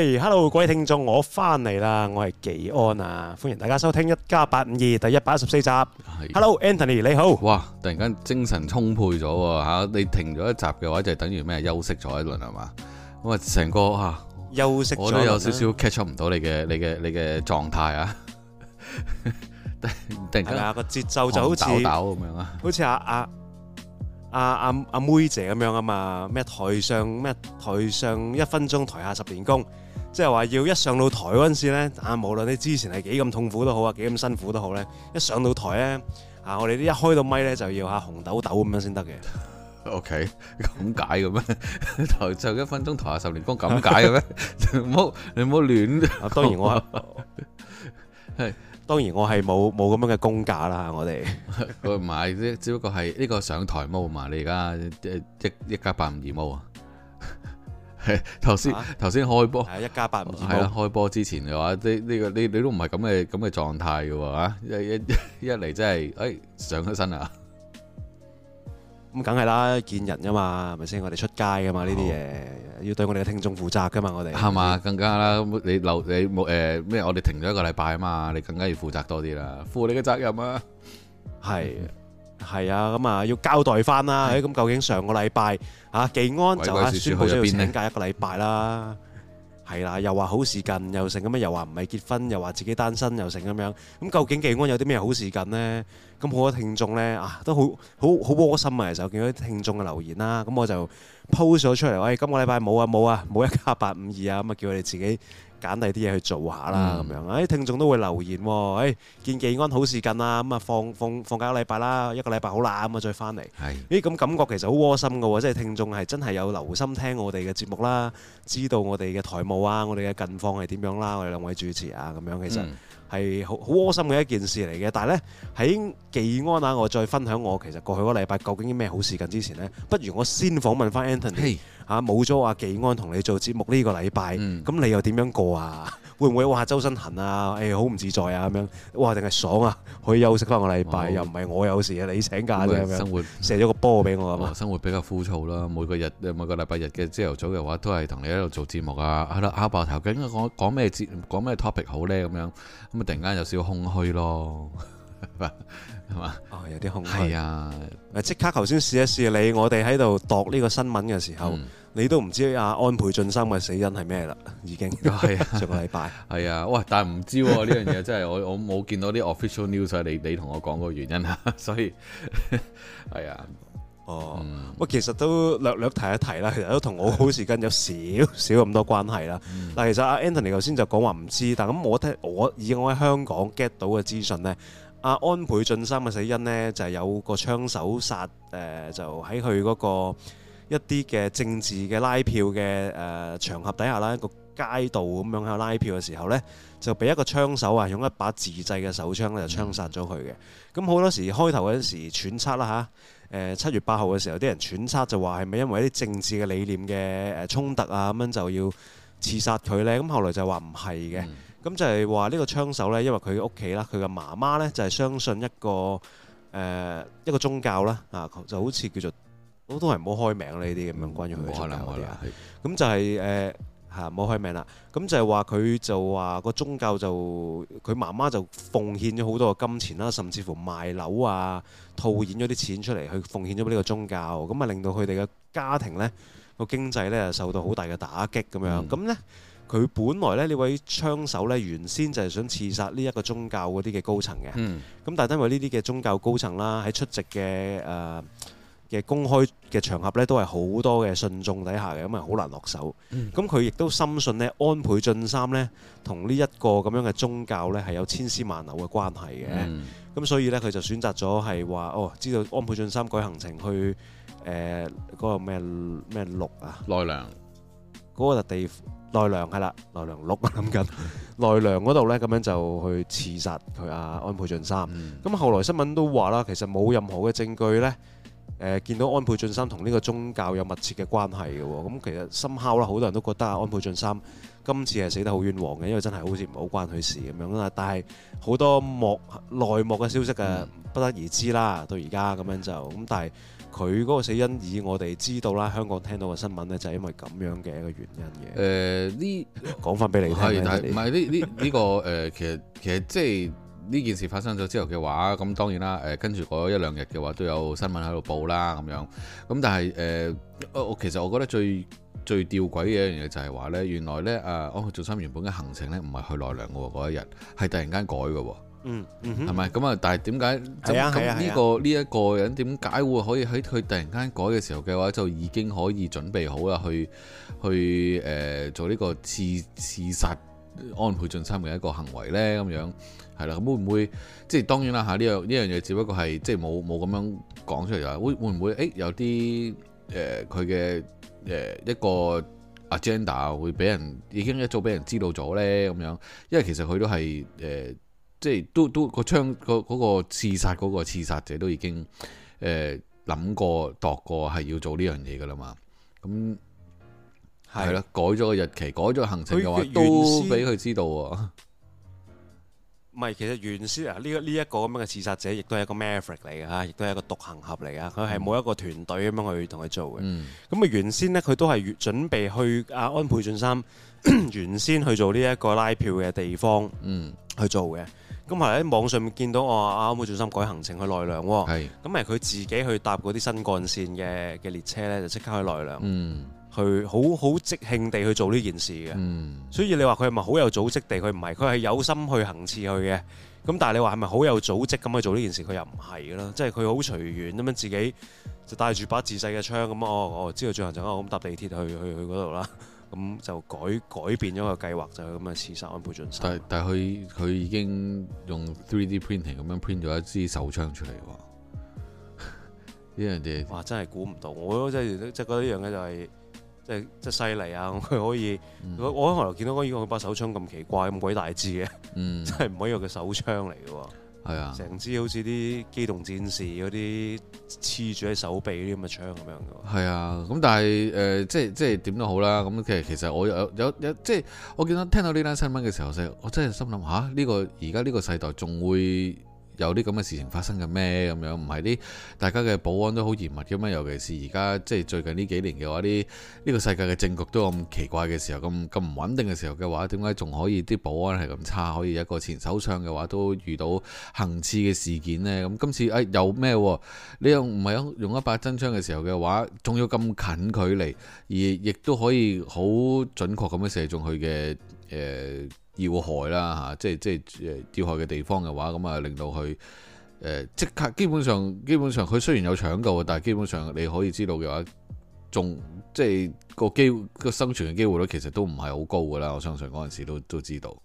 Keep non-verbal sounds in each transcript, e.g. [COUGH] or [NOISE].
h e l l o 各位聽眾，我翻嚟啦，我係紀安啊，歡迎大家收聽一加八五二第一百一十四集。h e l l o a n t h o n y 你好。哇，突然間精神充沛咗喎吓，你停咗一集嘅話，就等於咩、啊？休息咗一輪係嘛？咁啊，成 [LAUGHS] 個間啊，休息，咗，有少少 catch 唔到你嘅，你嘅，你嘅狀態啊。突然間個節奏就好似咁樣啊，好似阿阿阿阿阿妹姐咁樣啊嘛？咩台上咩台，台上一分鐘，台下十年功。即係話要一上到台嗰陣時咧，啊無論你之前係幾咁痛苦都好啊，幾咁辛苦都好咧，一上到台咧，啊我哋一開到咪咧就要吓紅豆豆咁樣先得嘅。O K，咁解嘅咩？台 [LAUGHS] 就一分鐘台下十年功，咁解嘅咩？ [LAUGHS] [LAUGHS] 你唔好你唔好亂。當然我係 [LAUGHS] 當然我係冇冇咁樣嘅功架啦，我哋唔係，只不過係呢個上台毛嘛，你而家一一加八五二毛啊。頭先頭先開波係、啊、一家852，係啦、啊、開波之前嘅話，呢呢個你你，你都唔係咁嘅咁嘅狀態嘅，吓一一一嚟，真係誒、哎、上咗身啊！咁梗係啦，見人啊嘛，係咪先？我哋出街噶嘛，呢啲嘢要對我哋嘅聽眾負責噶嘛，我哋係嘛更加啦。你留你誒咩、呃？我哋停咗一個禮拜啊嘛，你更加要負責多啲啦，負你嘅責任啊！係係啊，咁、嗯、啊要交代翻啦。誒、哎，咁究竟上個禮拜？啊，技安就咧宣布要請假一個禮拜啦，係 [LAUGHS] 啦，又話好事近又，又成咁樣，又話唔係結婚，又話自己單身又，又成咁樣，咁究竟技安有啲咩好事近呢？咁好多聽眾呢，啊，都好好好窩心啊！成日見到啲聽眾嘅留言啦、啊，咁我就 post 咗出嚟。喂、哎，今個禮拜冇啊，冇啊，冇一家八五二啊，咁啊叫佢哋自己揀第啲嘢去做下啦咁樣。誒、嗯嗯，聽眾都會留言喎、啊。誒、哎，見記安好事近啦，咁、嗯、啊放放放假一個禮拜啦、啊，一個禮拜好啦，咁、嗯、啊再翻嚟。係是。咦、哎，咁感覺其實好窩心嘅喎、啊，即係聽眾係真係有留心聽我哋嘅節目啦、啊，知道我哋嘅台務啊，我哋嘅近況係點樣啦、啊，我哋兩位主持啊，咁樣其實。嗯係好好窩心嘅一件事嚟嘅，但係呢，喺紀安啊，我再分享我其實過去嗰個禮拜究竟啲咩好事近之前呢，不如我先訪問返 Anthony 嚇 Hey.、啊，冇咗阿紀安同你做節目呢個禮拜，咁、mm. 你又點樣過啊？會唔會哇周身痕啊？誒好唔自在啊咁樣，哇定係爽啊！可以休息翻個禮拜，哦、又唔係我有事啊，你請假啫咁活樣。生活射咗個波俾我啊嘛。哦、吧生活比較枯燥啦，每個日每個禮拜日嘅朝頭早嘅話，都係同你喺度做節目啊。係啦，拗爆頭，究竟講講咩節講咩 topic 好咧？咁樣咁啊，突然間有少少空虛咯，係 [LAUGHS] 嘛吧？哦，有啲空虛。係啊呀，即刻頭先試一試你，我哋喺度度呢個新聞嘅時候。嗯你都唔知阿安倍晉三嘅死因係咩啦，已經都係上個禮拜。係啊，喂，但係唔知呢樣嘢，真係我我冇見到啲 official news，所以你你同我講嗰個原因啊，所以係啊，哦，我其實都略略提一提啦，其實都同我好時間有少少咁多關係啦。但係其實阿 Anthony 頭先就講話唔知，但係咁我聽我以我喺香港 get 到嘅資訊咧，阿安倍晉三嘅死因咧就係有個槍手殺，誒就喺佢嗰個。一啲嘅政治嘅拉票嘅誒、呃，場合底下啦，一個街道咁樣喺拉票嘅時候咧，就俾一個槍手啊，用一把自製嘅手槍咧，就槍殺咗佢嘅。咁好、嗯、多時開頭嗰陣時揣測啦吓，誒七月八號嘅時候啲、呃、人揣測就話，係咪因為一啲政治嘅理念嘅誒衝突啊，咁樣就要刺殺佢咧？咁後來就話唔係嘅，咁、嗯、就係話呢個槍手咧，因為佢屋企啦，佢嘅媽媽咧就係、是、相信一個誒、呃、一個宗教啦啊，就好似叫做。我都係唔好開名呢啲咁樣關於佢嘅宗教嗰啲，咁、嗯、就係誒吓唔好開名啦。咁就係話佢就話個宗教就佢媽媽就奉獻咗好多嘅金錢啦，甚至乎賣樓啊、套現咗啲錢出嚟去奉獻咗呢個宗教，咁啊令到佢哋嘅家庭呢個經濟呢，受到好大嘅打擊咁樣。咁、嗯、呢，佢本來咧呢位槍手呢，原先就係想刺殺呢一個宗教嗰啲嘅高層嘅，咁、嗯、但係因為呢啲嘅宗教高層啦喺出席嘅誒。呃嘅公開嘅場合咧，都係好多嘅信眾底下嘅，咁啊好難落手。咁佢亦都深信呢，安倍晉三呢同呢一個咁樣嘅宗教呢係有千絲萬縷嘅關係嘅。咁、嗯、所以呢，佢就選擇咗係話哦，知道安倍晉三改行程去誒嗰、呃那個咩咩鹿啊奈良嗰個地奈良係啦，奈良鹿諗緊奈良嗰度呢，咁樣就去刺殺佢啊安倍晉三。咁、嗯嗯、後來新聞都話啦，其實冇任何嘅證據呢。誒、呃、見到安倍晉三同呢個宗教有密切嘅關係嘅喎，咁、嗯、其實深刻啦，好多人都覺得啊，安倍晉三今次係死得好冤枉嘅，因為真係好似唔好關佢事咁樣啦。但係好多幕內幕嘅消息啊，嗯、不得而知啦，到而家咁樣就咁，但係佢嗰個死因以我哋知道啦，香港聽到嘅新聞呢，就係、是、因為咁樣嘅一個原因嘅。誒呢講翻俾你聽，唔係呢呢呢個誒實？其實其實即係。呢件事發生咗之後嘅話，咁當然啦。誒、呃，跟住嗰一兩日嘅話，都有新聞喺度報啦，咁樣咁、嗯。但係誒、呃，我其實我覺得最最吊詭嘅一樣嘢就係話呢，原來呢，啊安倍晉三原本嘅行程呢，唔係去奈良嘅嗰一日，係突然間改嘅、嗯。嗯，係咪咁啊？但係點解就咁呢、這個呢一、這個人點解會可以喺佢突然間改嘅時候嘅話，就已經可以準備好啦，去去誒、呃、做呢個刺刺殺安倍晉三嘅一個行為呢？咁樣。係啦，咁會唔會即係當然啦嚇？呢樣呢樣嘢只不過係即係冇冇咁樣講出嚟啦。會會唔會誒有啲誒佢嘅誒一個 agenda 會俾人已經一早俾人知道咗咧？咁樣，因為其實佢都係誒、呃，即係都都個槍個嗰個刺殺嗰個刺殺者都已經誒諗、呃、過度過係要做呢樣嘢噶啦嘛。咁係啦，改咗個日期，改咗行程嘅話，都俾佢知道。唔係，其實原先啊呢、這個呢一個咁樣嘅刺殺者，亦都係一個 maverick 嚟嘅嚇，亦都係一個獨行俠嚟嘅。佢係冇一個團隊咁樣去同佢做嘅。咁啊、嗯、原先呢，佢都係越準備去阿安倍晉三 [COUGHS] 原先去做呢一個拉票嘅地方，去做嘅。咁後喺網上面見到我阿安倍晉三改行程去奈良喎，咁啊佢自己去搭嗰啲新幹線嘅嘅列車呢，就即刻去奈良，嗯佢好好即興地去做呢件事嘅，嗯、所以你話佢係咪好有組織地？佢唔係，佢係有心去行刺佢嘅。咁但係你話係咪好有組織咁去做呢件事？佢又唔係咯，即係佢好隨緣咁樣自己就帶住把自製嘅槍咁，我我知道最後就咁搭地鐵去去去嗰度啦。咁、 [LAUGHS] 嗯、就改改變咗個計劃就咁樣刺殺安倍晉三。但但佢佢已經用 three D printing 咁樣 print 咗一支手槍出嚟喎。呢樣嘢哇，真係估唔到！我真係真覺得呢樣嘢就係、是。即係犀利啊！佢可，可以，嗯、我我喺台頭見到嗰個佢把手槍咁奇怪咁鬼大支嘅，真係唔可以用佢手槍嚟㗎。係啊，成支好似啲機動戰士嗰啲黐住喺手臂啲咁嘅槍咁、yeah, 樣㗎。係啊 whis ky.，咁但係誒，即係即係點都好啦。咁其實其實我有有有即係我見到聽到呢單新聞嘅時候，我真係心諗吓，呢個而家呢個世代仲會。有啲咁嘅事情發生嘅咩咁樣？唔係啲大家嘅保安都好嚴密嘅咩？尤其是而家，即係最近呢幾年嘅話，啲呢、這個世界嘅政局都咁奇怪嘅時候，咁咁唔穩定嘅時候嘅話，點解仲可以啲保安係咁差？可以一個前手槍嘅話都遇到行刺嘅事件呢？咁今次誒、哎、有咩？你又唔係用一把真槍嘅時候嘅話，仲要咁近距離，而亦都可以好準確咁樣射中佢嘅誒。呃要害啦，嚇，即係即係誒要害嘅地方嘅話，咁啊令到佢誒、呃、即刻基本上基本上佢雖然有搶救啊，但係基本上你可以知道嘅話，仲即係個機個生存嘅機會率其實都唔係好高噶啦，我相信嗰陣時都都知道，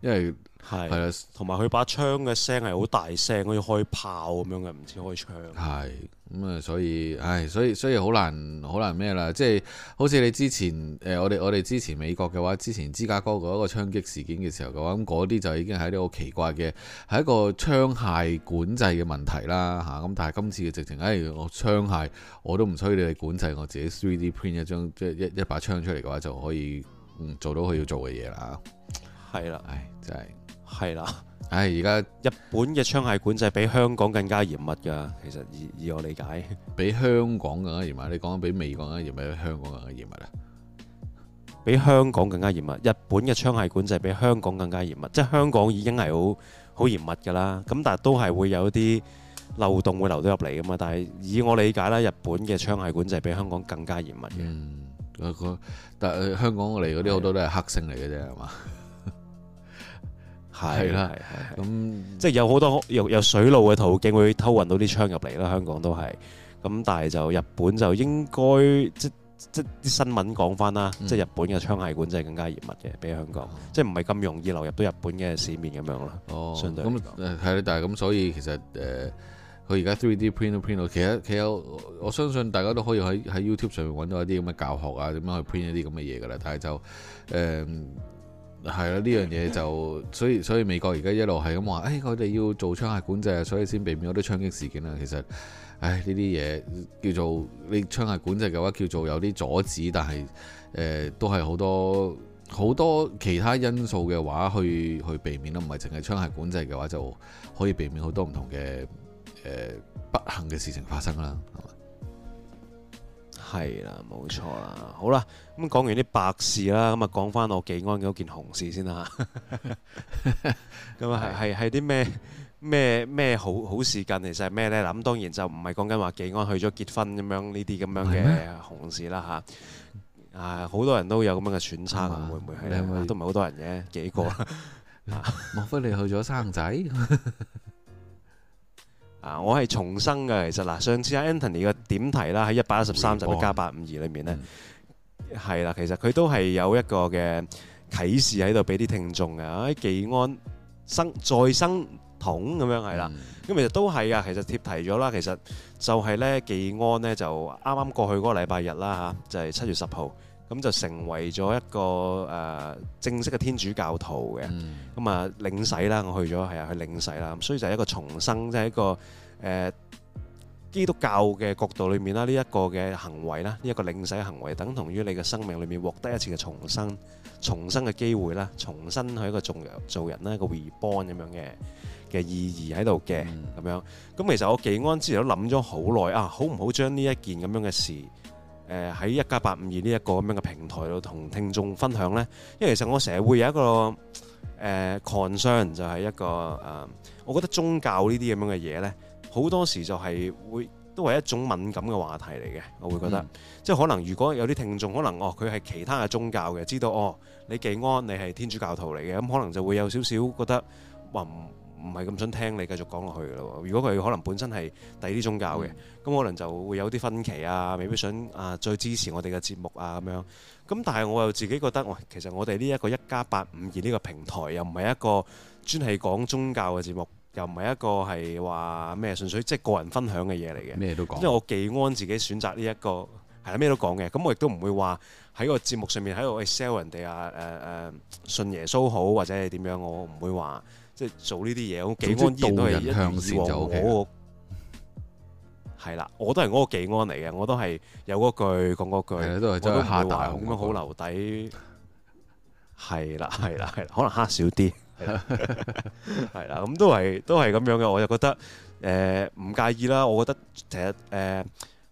因為。係，係啦，同埋佢把槍嘅聲係好大聲，好似開炮咁樣嘅，唔似開槍。係，咁、嗯、啊，所以，唉，所以，所以好難，好難咩啦？即係，好似你之前，誒、呃，我哋我哋之前美國嘅話，之前芝加哥嗰一個槍擊事件嘅時候嘅話，咁嗰啲就已經係啲好奇怪嘅，係一個槍械管制嘅問題啦，吓、啊、咁。但係今次嘅直情，唉，我槍械我都唔需要你哋管制，我自己 3D print 一張，即係一一把槍出嚟嘅話就可以，嗯、做到佢要做嘅嘢啦。係啦，唉，真、就、係、是。係啦，唉，而家、哎、日本嘅槍械管制比香港更加嚴密噶。其實以以我理解，比香港更加嚴密。你講緊比美國更加嚴密，香港更加嚴密啊？比香港更加嚴密。日本嘅槍械管制比香港更加嚴密。即係香港已經係好好嚴密噶啦。咁但係都係會有一啲漏洞會流到入嚟噶嘛。但係以我理解啦，日本嘅槍械管制比香港更加嚴密嘅、嗯。但係香港嚟嗰啲好多都係黑星嚟嘅啫，係嘛的？ [LAUGHS] 係啦，係係咁即係有好多有有水路嘅途徑會偷運到啲槍入嚟啦，香港都係。咁但係就日本就應該即即啲新聞講翻啦，嗯、即係日本嘅槍械管制係更加嚴密嘅，比香港、嗯、即係唔係咁容易流入到日本嘅市面咁樣咯。哦，咁係，但係咁所以其實誒，佢而家 3D print print 其實佢有，我相信大家都可以喺喺 YouTube 上面揾到一啲咁嘅教學啊，點樣去 print 一啲咁嘅嘢㗎啦。但係就誒。嗯係啦，呢樣嘢就所以所以美國而家一路係咁話，誒佢哋要做槍械管制，所以先避免嗰啲槍擊事件啦。其實，唉呢啲嘢叫做你槍械管制嘅話，叫做有啲阻止，但係誒、呃、都係好多好多其他因素嘅話，去去避免啦，唔係淨係槍械管制嘅話就可以避免好多唔同嘅誒、呃、不幸嘅事情發生啦。係啦，冇錯啦。好啦，咁講完啲白事啦，咁啊講翻我紀安嗰件紅事先啦，咁啊係係啲咩咩咩好好事近其實係咩呢？咁當然就唔係講緊話紀安去咗結婚咁樣呢啲咁樣嘅紅事啦吓。啊，好多人都有咁樣嘅揣測，會唔會係？都唔係好多人嘅，幾個？ [LAUGHS] [LAUGHS] 莫非你去咗生仔？ [LAUGHS] 啊！我係重生嘅，其實嗱，上次阿 Anthony 嘅點題啦，喺一百一十三集嘅一家八五二裏面咧，係啦，其實佢都係有一個嘅啟示喺度俾啲聽眾嘅，喺技安生再生桶咁樣係啦，咁其實都係啊，其實貼題咗啦，其實就係咧技安咧就啱啱過去嗰個禮拜日啦嚇，就係七月十號。咁就成為咗一個誒、呃、正式嘅天主教徒嘅，咁啊、嗯、領洗啦，我去咗係啊去領洗啦，咁所以就係一個重生，即、就、係、是、一個誒、呃、基督教嘅角度裏面啦，呢、這、一個嘅行為啦，呢、這、一個領洗嘅行為等同於你嘅生命裏面獲得一次嘅重生，重生嘅機會啦，重新去一個重做人啦，一個 reborn 咁樣嘅嘅意義喺度嘅，咁、嗯、樣，咁其實我寄安之前都諗咗好耐啊，好唔好將呢一件咁樣嘅事？誒喺一家八五二呢一個咁樣嘅平台度同聽眾分享呢，因為其實我成日會有一個誒、呃、concern 就係一個誒、呃，我覺得宗教呢啲咁樣嘅嘢呢，好多時就係會都係一種敏感嘅話題嚟嘅。我會覺得、嗯、即係可，可能，如果有啲聽眾可能哦，佢係其他嘅宗教嘅，知道哦你忌安，你係天主教徒嚟嘅，咁、嗯、可能就會有少少覺得話唔係咁想聽你繼續講落去㗎咯。如果佢可能本身係第啲宗教嘅，咁、嗯、可能就會有啲分歧啊，未必想啊再支持我哋嘅節目啊咁樣。咁但係我又自己覺得，喂，其實我哋呢一個一家八五二呢個平台又唔係一個專係講宗教嘅節目，又唔係一個係話咩純粹即係個人分享嘅嘢嚟嘅。咩都講，因為我既然自己選擇呢、這、一個係咩都講嘅，咁我亦都唔會話喺個節目上面喺度 sell 人哋啊誒誒、啊、信耶穌好或者係點樣，我唔會話。即係做呢啲嘢，我幾安依都係一線就 OK。係啦，我都係嗰個幾安嚟嘅，我都係有嗰句講嗰句，句的都係真係下蛋咁樣好留底。係啦，係啦，係啦，可能蝦少啲。係啦，咁 [LAUGHS] 都係都係咁樣嘅，我就覺得誒唔、呃、介意啦。我覺得其實誒。呃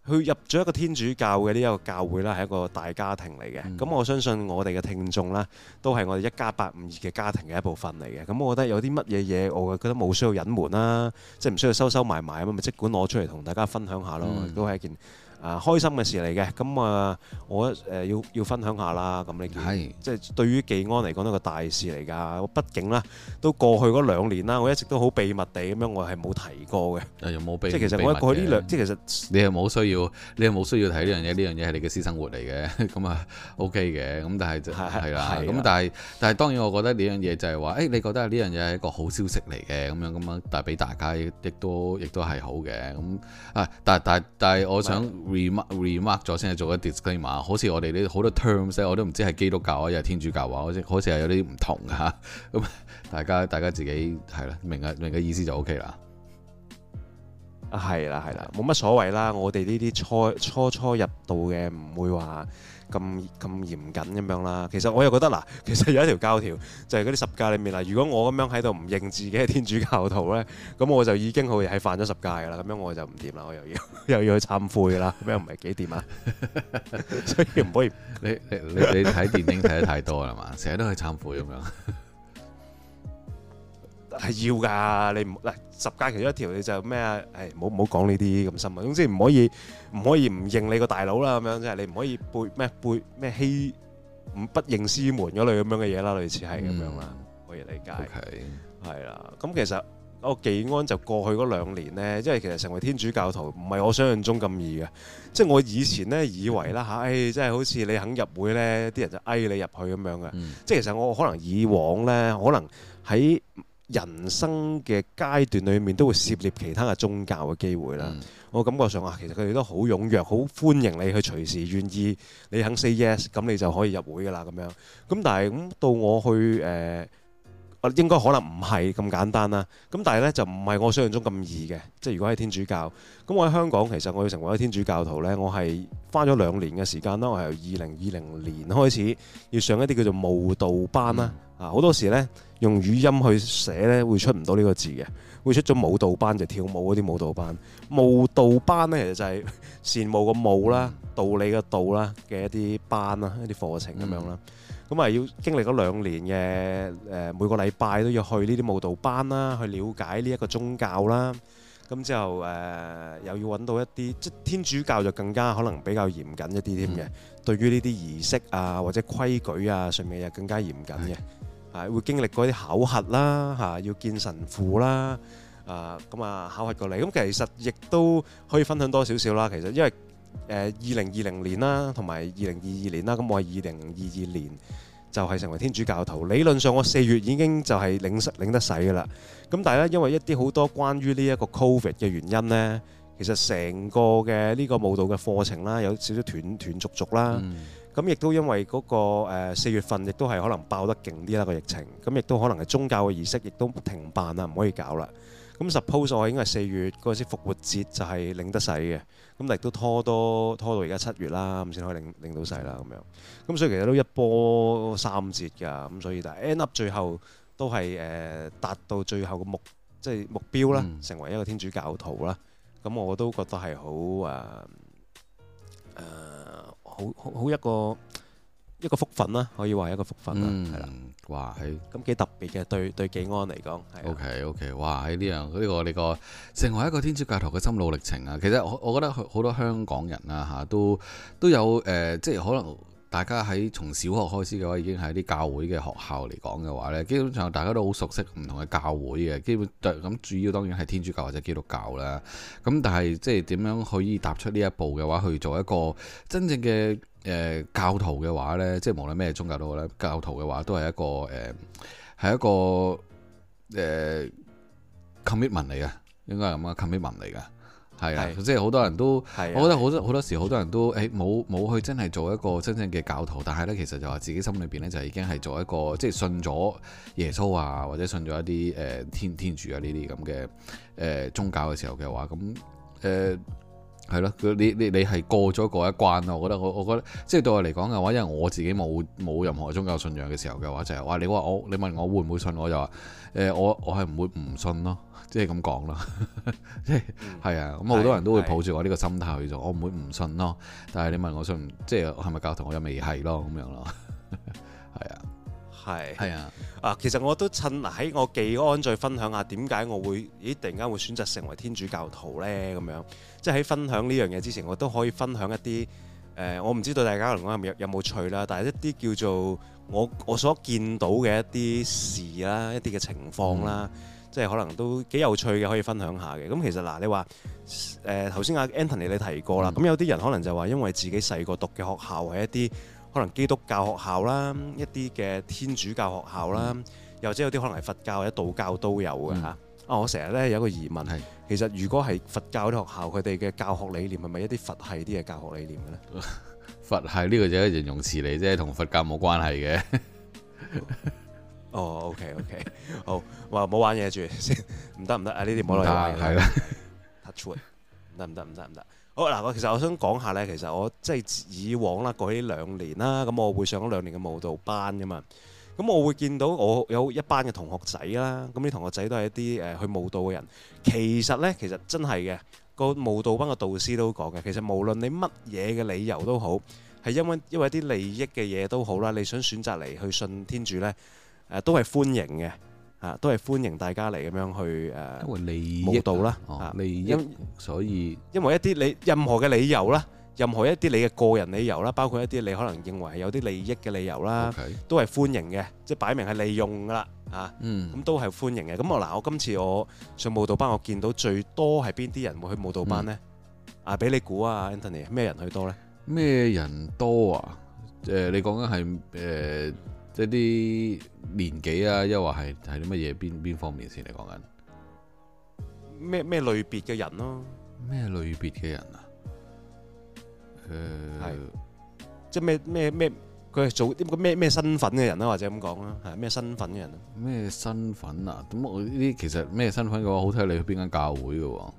佢入咗一個天主教嘅呢一個教會啦，係一個大家庭嚟嘅。咁、嗯、我相信我哋嘅聽眾啦，都係我哋一家八五二嘅家庭嘅一部分嚟嘅。咁我覺得有啲乜嘢嘢，我覺得冇需要隱瞞啦、啊，即係唔需要收收埋埋咁，咪即管攞出嚟同大家分享下咯，嗯、都係一件。啊，開心嘅事嚟嘅，咁、嗯、啊，我誒、呃呃、要要分享下啦，咁呢件，是即係對於紀安嚟講，一個大事嚟㗎。畢竟啦，都過去嗰兩年啦，我一直都好秘密地咁樣，我係冇提過嘅。誒、啊，冇即係其實我過去呢兩，即其實你係冇需要，你係冇需要睇呢樣嘢，呢樣嘢係你嘅私生活嚟嘅。咁、 [LAUGHS] 嗯 okay 嗯、啊，OK 嘅，咁、啊嗯、但係就係啦，咁、啊、但係但係當然，我覺得呢樣嘢就係話，誒、哎，你覺得呢樣嘢係一個好消息嚟嘅，咁樣咁樣，但係俾大家亦都亦都係好嘅。咁啊，但但但係，但我想。Remark 咗先係做咗 disclaimer，好似我哋呢好多 terms，我都唔知係基督教啊，又係天主教啊，好似好似係有啲唔同嘅，咁大家大家自己係啦，明啊明嘅意思就 OK 啦，係啦係啦，冇乜所謂啦，我哋呢啲初初初入道嘅唔會話。咁咁嚴謹咁樣啦，其實我又覺得嗱，其實有一條教條就係嗰啲十戒裏面啦。如果我咁樣喺度唔認自己係天主教徒咧，咁我就已經好似係犯咗十戒噶啦。咁樣我就唔掂啦，我又要又要去懺悔啦，咁樣唔係幾掂啊。 [LAUGHS] 所以唔可以， [LAUGHS] 你你你睇電影睇得太多啦嘛，成日 [LAUGHS] 都去懺悔咁樣。係要㗎，你唔嗱十戒其中一條你就咩啊？係唔好唔好講呢啲咁深啊！總之唔可以唔可以唔認你個大佬啦咁樣，即係你唔可以背咩背咩欺唔不認師門嗰類咁樣嘅嘢啦，類似係咁樣啦，嗯、可以理解。係係啦，咁其實我記安就過去嗰兩年呢，即係其實成為天主教徒唔係我想像中咁易嘅，即係我以前呢，以為啦嚇，即、哎、係好似你肯入會呢，啲人就嗌你入去咁樣嘅，嗯、即係其實我可能以往呢，可能喺人生嘅階段裏面都會涉獵其他嘅宗教嘅機會啦。嗯、我感覺上啊，其實佢哋都好踴躍，好歡迎你去隨時願意，你肯 say yes，咁你就可以入會噶啦咁樣。咁但係咁到我去誒，我、呃、應該可能唔係咁簡單啦。咁但係呢，就唔係我想像中咁易嘅。即係如果喺天主教，咁我喺香港其實我要成為一天主教徒呢，我係花咗兩年嘅時間啦。我係由二零二零年開始要上一啲叫做慕道班啦。嗯嗯啊、好多時咧用語音去寫咧，會出唔到呢個字嘅，會出咗舞蹈班就係、跳舞嗰啲舞蹈班。舞蹈班咧其實就係羨慕個慕啦，道理嘅道啦嘅一啲班啦，一啲課程咁樣啦。咁啊、嗯、要經歷咗兩年嘅誒、呃，每個禮拜都要去呢啲舞蹈班啦，去了解呢一個宗教啦。咁之後誒又要揾到一啲，即天主教就更加可能比較嚴謹一啲添嘅，嗯、對於呢啲儀式啊或者規矩啊上面又更加嚴謹嘅。嗯係、啊、會經歷過啲考核啦，嚇、啊、要見神父啦，啊咁啊考核過嚟。咁其實亦都可以分享多少少啦。其實因為誒二零二零年啦，同埋二零二二年啦，咁、啊、我係二零二二年就係成為天主教徒。理論上我四月已經就係領洗領得洗㗎啦。咁但係咧，因為一啲好多關於呢一個 COVID 嘅原因呢，其實成個嘅呢個舞蹈嘅課程啦，有少少斷斷續續啦。嗯咁亦都因為嗰個、呃、四月份，亦都係可能爆得勁啲啦個疫情，咁亦都可能係宗教嘅儀式，亦都停辦啦，唔可以搞啦。咁 suppose 我應該係四月嗰陣時復活節就係領得洗嘅，咁亦都拖多拖到而家七月啦，咁先可以領領到洗啦咁樣。咁所以其實都一波三折㗎，咁所以但係 end up 最後都係誒、呃、達到最後嘅目即係目標啦，嗯、成為一個天主教徒啦。咁我都覺得係好誒誒。呃呃呃好好一個一個福分啦，可以話一個福分啦，係啦、嗯，的哇喺咁幾特別嘅對對紀安嚟講，OK OK，哇喺呢樣呢個呢個成為一個天主教徒嘅心路歷程啊，其實我我覺得好多香港人啊吓都都有誒、呃，即係可能。大家喺從小學開始嘅話，已經喺啲教會嘅學校嚟講嘅話呢，基本上大家都好熟悉唔同嘅教會嘅，基本咁主要當然係天主教或者基督教啦。咁但係即係點樣可以踏出呢一步嘅話，去做一個真正嘅誒、呃、教徒嘅話呢，即係無論咩宗教都好咧，教徒嘅話都係一個誒，係、呃、一個誒、呃、commitment 嚟噶，應該係咁啊，commitment 嚟噶。係的即係好多人都，的我覺得好多好的多時，好多人都誒冇冇去真係做一個真正嘅教徒，但係呢，其實就話自己心裏邊呢，就已經係做一個即係信咗耶穌啊，或者信咗一啲誒、呃、天天主啊呢啲咁嘅誒宗教嘅時候嘅話，咁誒係咯，你你你係過咗嗰一,一關啊？我覺得我我覺得即係對我嚟講嘅話，因為我自己冇冇任何宗教信仰嘅時候嘅話，就係、是、哇，你話我，我，你問我會唔會信我，我就話誒、呃，我我係唔會唔信咯。即係咁講啦，即係係啊！咁好多人都會抱住我呢個心態去做，啊、我唔會唔信咯。但係你問我信，即係係咪教徒，我又未係咯，咁樣咯。係啊，係係啊。啊，啊其實我都趁喺我寄安再分享下點解我會咦突然間會選擇成為天主教徒呢。咁樣即係喺分享呢樣嘢之前，我都可以分享一啲誒、呃，我唔知道大家嚟講有冇趣啦。但係一啲叫做我我所見到嘅一啲事啦，一啲嘅情況啦。嗯。即係可能都幾有趣嘅，可以分享下嘅。咁其實嗱，你話誒頭先阿 Anthony 你提過啦，咁、嗯、有啲人可能就話因為自己細個讀嘅學校係一啲可能基督教學校啦，嗯、一啲嘅天主教學校啦，又、嗯、或者有啲可能係佛教或者道教都有嘅嚇。啊、嗯，我成日咧有個疑問係，是其實如果係佛教啲學校，佢哋嘅教學理念係咪一啲佛系啲嘅教學理念嘅咧？佛系呢個就係形容詞嚟啫，同佛教冇關係嘅。 [LAUGHS] 哦，OK，OK，好，話唔好玩嘢住先，唔得唔得啊！呢啲唔好嚟玩嘅。係啦，Touchwood，唔得唔得唔得唔得。好嗱，我其實我想講下呢，其實我即係以往啦，過呢兩年啦，咁我會上咗兩年嘅舞蹈班噶嘛。咁我會見到我有一班嘅同學仔啦。咁啲同學仔都係一啲誒去舞蹈嘅人。其實呢，其實真係嘅個舞蹈班嘅導師都講嘅。其實無論你乜嘢嘅理由都好，係因為因為一啲利益嘅嘢都好啦。你想選擇嚟去信天主呢？誒，都係歡迎嘅，啊，都係歡迎大家嚟咁樣去誒，因為舞蹈啦，啊，利益，所以因為一啲你任何嘅理由啦，任何一啲你嘅個人理由啦，包括一啲你可能認為係有啲利益嘅理由啦，都係歡迎嘅，即係擺明係利用噶啦，啊，嗯，咁都係歡迎嘅。咁我嗱，我今次我上舞蹈班，我見到最多係邊啲人會去舞蹈班呢？啊，俾你估啊，Anthony，咩人去多呢？咩人多啊？誒，你講緊係誒。即係啲年紀啊，抑或係係啲乜嘢邊邊方面先嚟講緊？咩咩類別嘅人咯？咩類別嘅人啊？誒、啊，係、呃，即係咩咩咩？佢係做啲咩咩身份嘅人啦、啊，或者咁講啦，係咩身份嘅人？咩身份啊？咁我呢啲其實咩身份嘅話，好睇你去邊間教會嘅喎、啊。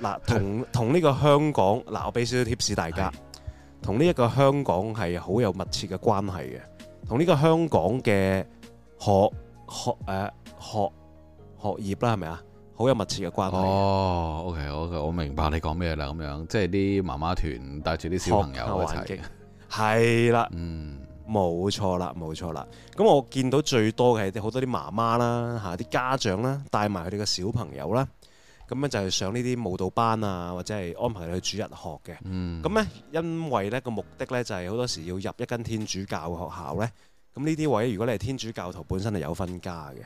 嗱， [LAUGHS] 同同呢個香港嗱，我俾少少 tips 大家。同呢一個香港係好有密切嘅關係嘅，同呢個香港嘅學學誒學、呃、學、學業啦，係咪啊？好有密切嘅關係。哦，OK，OK，okay, okay, 我明白你講咩啦，咁樣即係啲媽媽團帶住啲小朋友一齊。係啦，嗯，冇錯啦，冇錯啦。咁我見到最多嘅係啲好多啲媽媽啦，嚇啲家長啦，帶埋佢哋嘅小朋友啦，咁咧就係上呢啲舞蹈班啊，或者係安排佢去主日學嘅。咁咧、嗯，因為咧個目的咧就係、是、好多時要入一間天主教嘅學校咧。咁呢啲位，如果你係天主教徒本身係有分加嘅，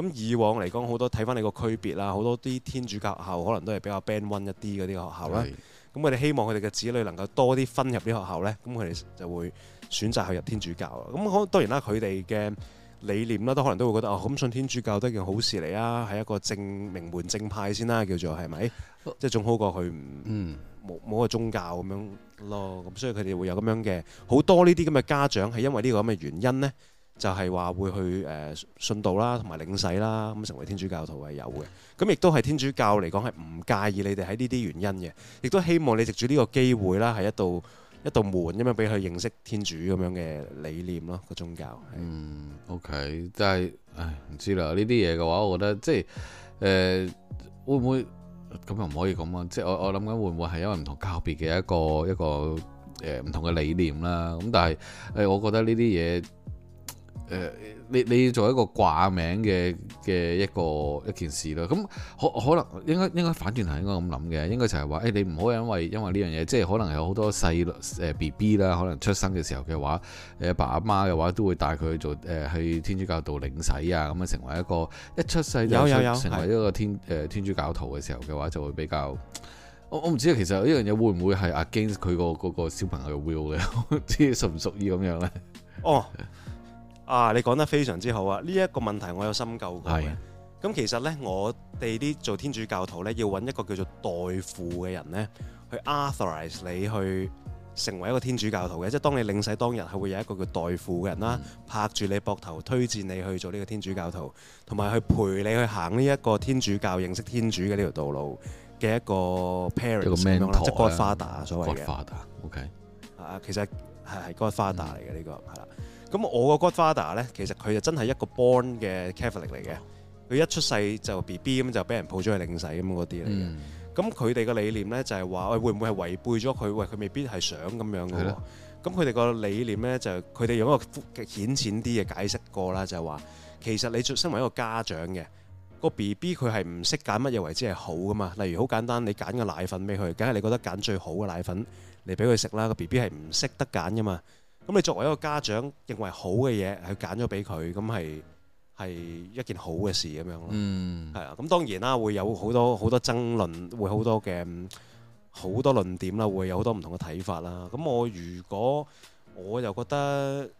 咁以往嚟講好多睇返你個區別啦。好多啲天主教學校可能都係比較 band one 一啲嗰啲學校啦。咁佢哋希望佢哋嘅子女能夠多啲分入啲學校咧，咁佢哋就會選擇去入天主教。咁可當然啦，佢哋嘅。理念啦，都可能都會覺得哦，咁信天主教都係件好事嚟啊，係一個正名門正派先啦、啊，叫做係咪？即係仲好過佢唔冇冇個宗教咁樣咯。咁所以佢哋會有咁樣嘅好多呢啲咁嘅家長，係因為呢個咁嘅原因呢，就係、是、話會去誒、呃、信道啦，同埋領洗啦，咁成為天主教徒係有嘅。咁、嗯、亦都係天主教嚟講係唔介意你哋喺呢啲原因嘅，亦都希望你藉住呢個機會啦，係一度。一道門咁樣俾佢認識天主咁樣嘅理念咯，個宗教。嗯，OK，但係，唉，唔知啦。呢啲嘢嘅話，我覺得即係，誒、呃，會唔會咁又唔可以咁啊？即係我我諗緊會唔會係因為唔同教別嘅一個一個誒唔、呃、同嘅理念啦。咁但係，誒、呃，我覺得呢啲嘢，誒、呃。你你要做一個掛名嘅嘅一個一件事咯，咁可可能應該應該反轉頭應該咁諗嘅，應該就係話誒你唔好因為因為呢樣嘢，即係可能有好多細誒 BB 啦，可能出生嘅時候嘅話，誒爸阿媽嘅話都會帶佢做誒、呃、去天主教度領洗啊，咁啊成為一個一出世就出有有有成為一個天誒的天、呃、天主教徒嘅時候嘅話，就會比較我我唔知其實呢樣嘢會唔會係 against 佢個嗰個小朋友嘅 will 嘅， [LAUGHS] 唔知屬唔屬於咁樣咧？哦。Oh. 啊！你講得非常之好啊！呢、這、一個問題我有深究過咁是、嗯、其實呢，我哋啲做天主教徒呢，要揾一個叫做代父嘅人呢，去 authorize 你去成為一個天主教徒嘅，即係當你領洗當日係會有一個叫代父嘅人啦，嗯、拍住你膊頭推薦你去做呢個天主教徒，同埋去陪你去行呢一個天主教認識天主嘅呢條道路嘅一個 period 即係 Godfather 所謂嘅。OK 啊，其實係係 Godfather 嚟嘅呢個係啦。嗯嗯咁我個 Godfather 咧，其實佢就真係一個 born 嘅 Catholic 嚟嘅，佢、嗯、一出世就 BB 咁就俾人抱咗去領洗咁嗰啲嚟嘅。咁佢哋嘅理念咧就係、是、話，喂、哎、會唔會係違背咗佢？喂、哎、佢未必係想咁樣嘅喎。咁佢哋個理念咧就，佢哋用一個顯淺啲嘅解釋過啦，就係、是、話其實你做身為一個家長嘅、那個 BB 佢係唔識揀乜嘢為之係好噶嘛。例如好簡單，你揀個奶粉俾佢，梗係你覺得揀最好嘅奶粉嚟俾佢食啦。那個 BB 係唔識得揀噶嘛。咁你作為一個家長認為好嘅嘢，係揀咗俾佢，咁係係一件好嘅事咁樣咯。係啊、嗯，咁當然啦，會有好多好多爭論，會好多嘅好多論點啦，會有好多唔同嘅睇法啦。咁我如果我又覺得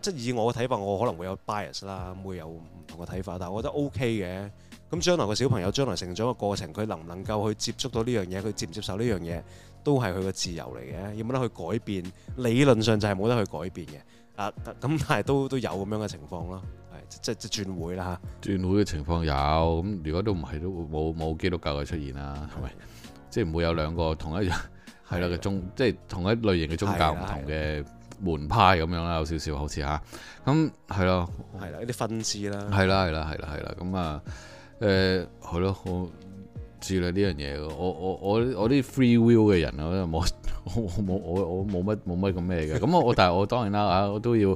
即以我嘅睇法，我可能會有 bias 啦，會有唔同嘅睇法。但係我覺得 OK 嘅。咁將來個小朋友將來成長嘅過程，佢能唔能夠去接觸到呢樣嘢，佢接唔接受呢樣嘢？都係佢個自由嚟嘅，有冇得去改變？理論上就係冇得去改變嘅。啊，咁但係都都有咁樣嘅情況咯。係，即即轉會啦嚇。轉會嘅情況有，咁如果都唔係都冇冇基督教嘅出現啦，係咪？即唔會有兩個同一樣係啦嘅宗，即同一類型嘅宗教唔同嘅門派咁樣啦，有少少好似嚇。咁係咯。係啦，一啲分支啦。係啦，係啦，係啦，係啦。咁啊，誒，係咯，好。知啦呢樣嘢，我我我我啲 free will 嘅人啊，我冇冇我我冇乜冇乜咁咩嘅。咁我但係我當然啦嚇，我都要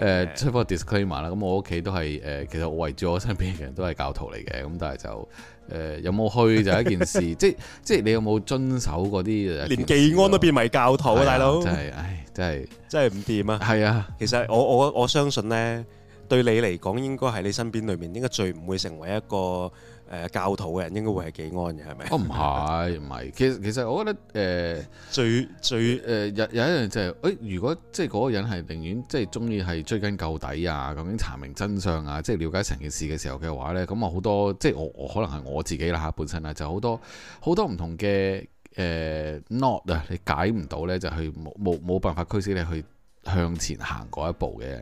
誒出個 disclaimer 啦。咁我屋企都係誒，其實我圍住我身邊嘅人都係教徒嚟嘅。咁但係就誒有冇去就一件事， [LAUGHS] 即即你有冇遵守嗰啲 [LAUGHS] 連紀安都變埋教徒啊，大佬 [LAUGHS] 呀！呀真係唉，真係真係唔掂啊！係啊呀， [LAUGHS] 其實我我我相信咧，對你嚟講應該係你身邊裏面應該最唔會成為一個。誒教徒嘅人應該會係幾安嘅係咪？哦，唔係唔係，其實其實我覺得誒、呃、最最誒有、呃、有一樣就係、是、誒、欸，如果即係嗰個人係寧願即係中意係追根究底啊，究竟查明真相啊，即、就、係、是、了解成件事嘅時候嘅話咧，咁啊好多即係我我可能係我自己啦嚇，本身啊就好多好多唔同嘅誒 note 啊，呃、not，你解唔到咧就去冇冇冇辦法驅使你去向前行嗰一步嘅，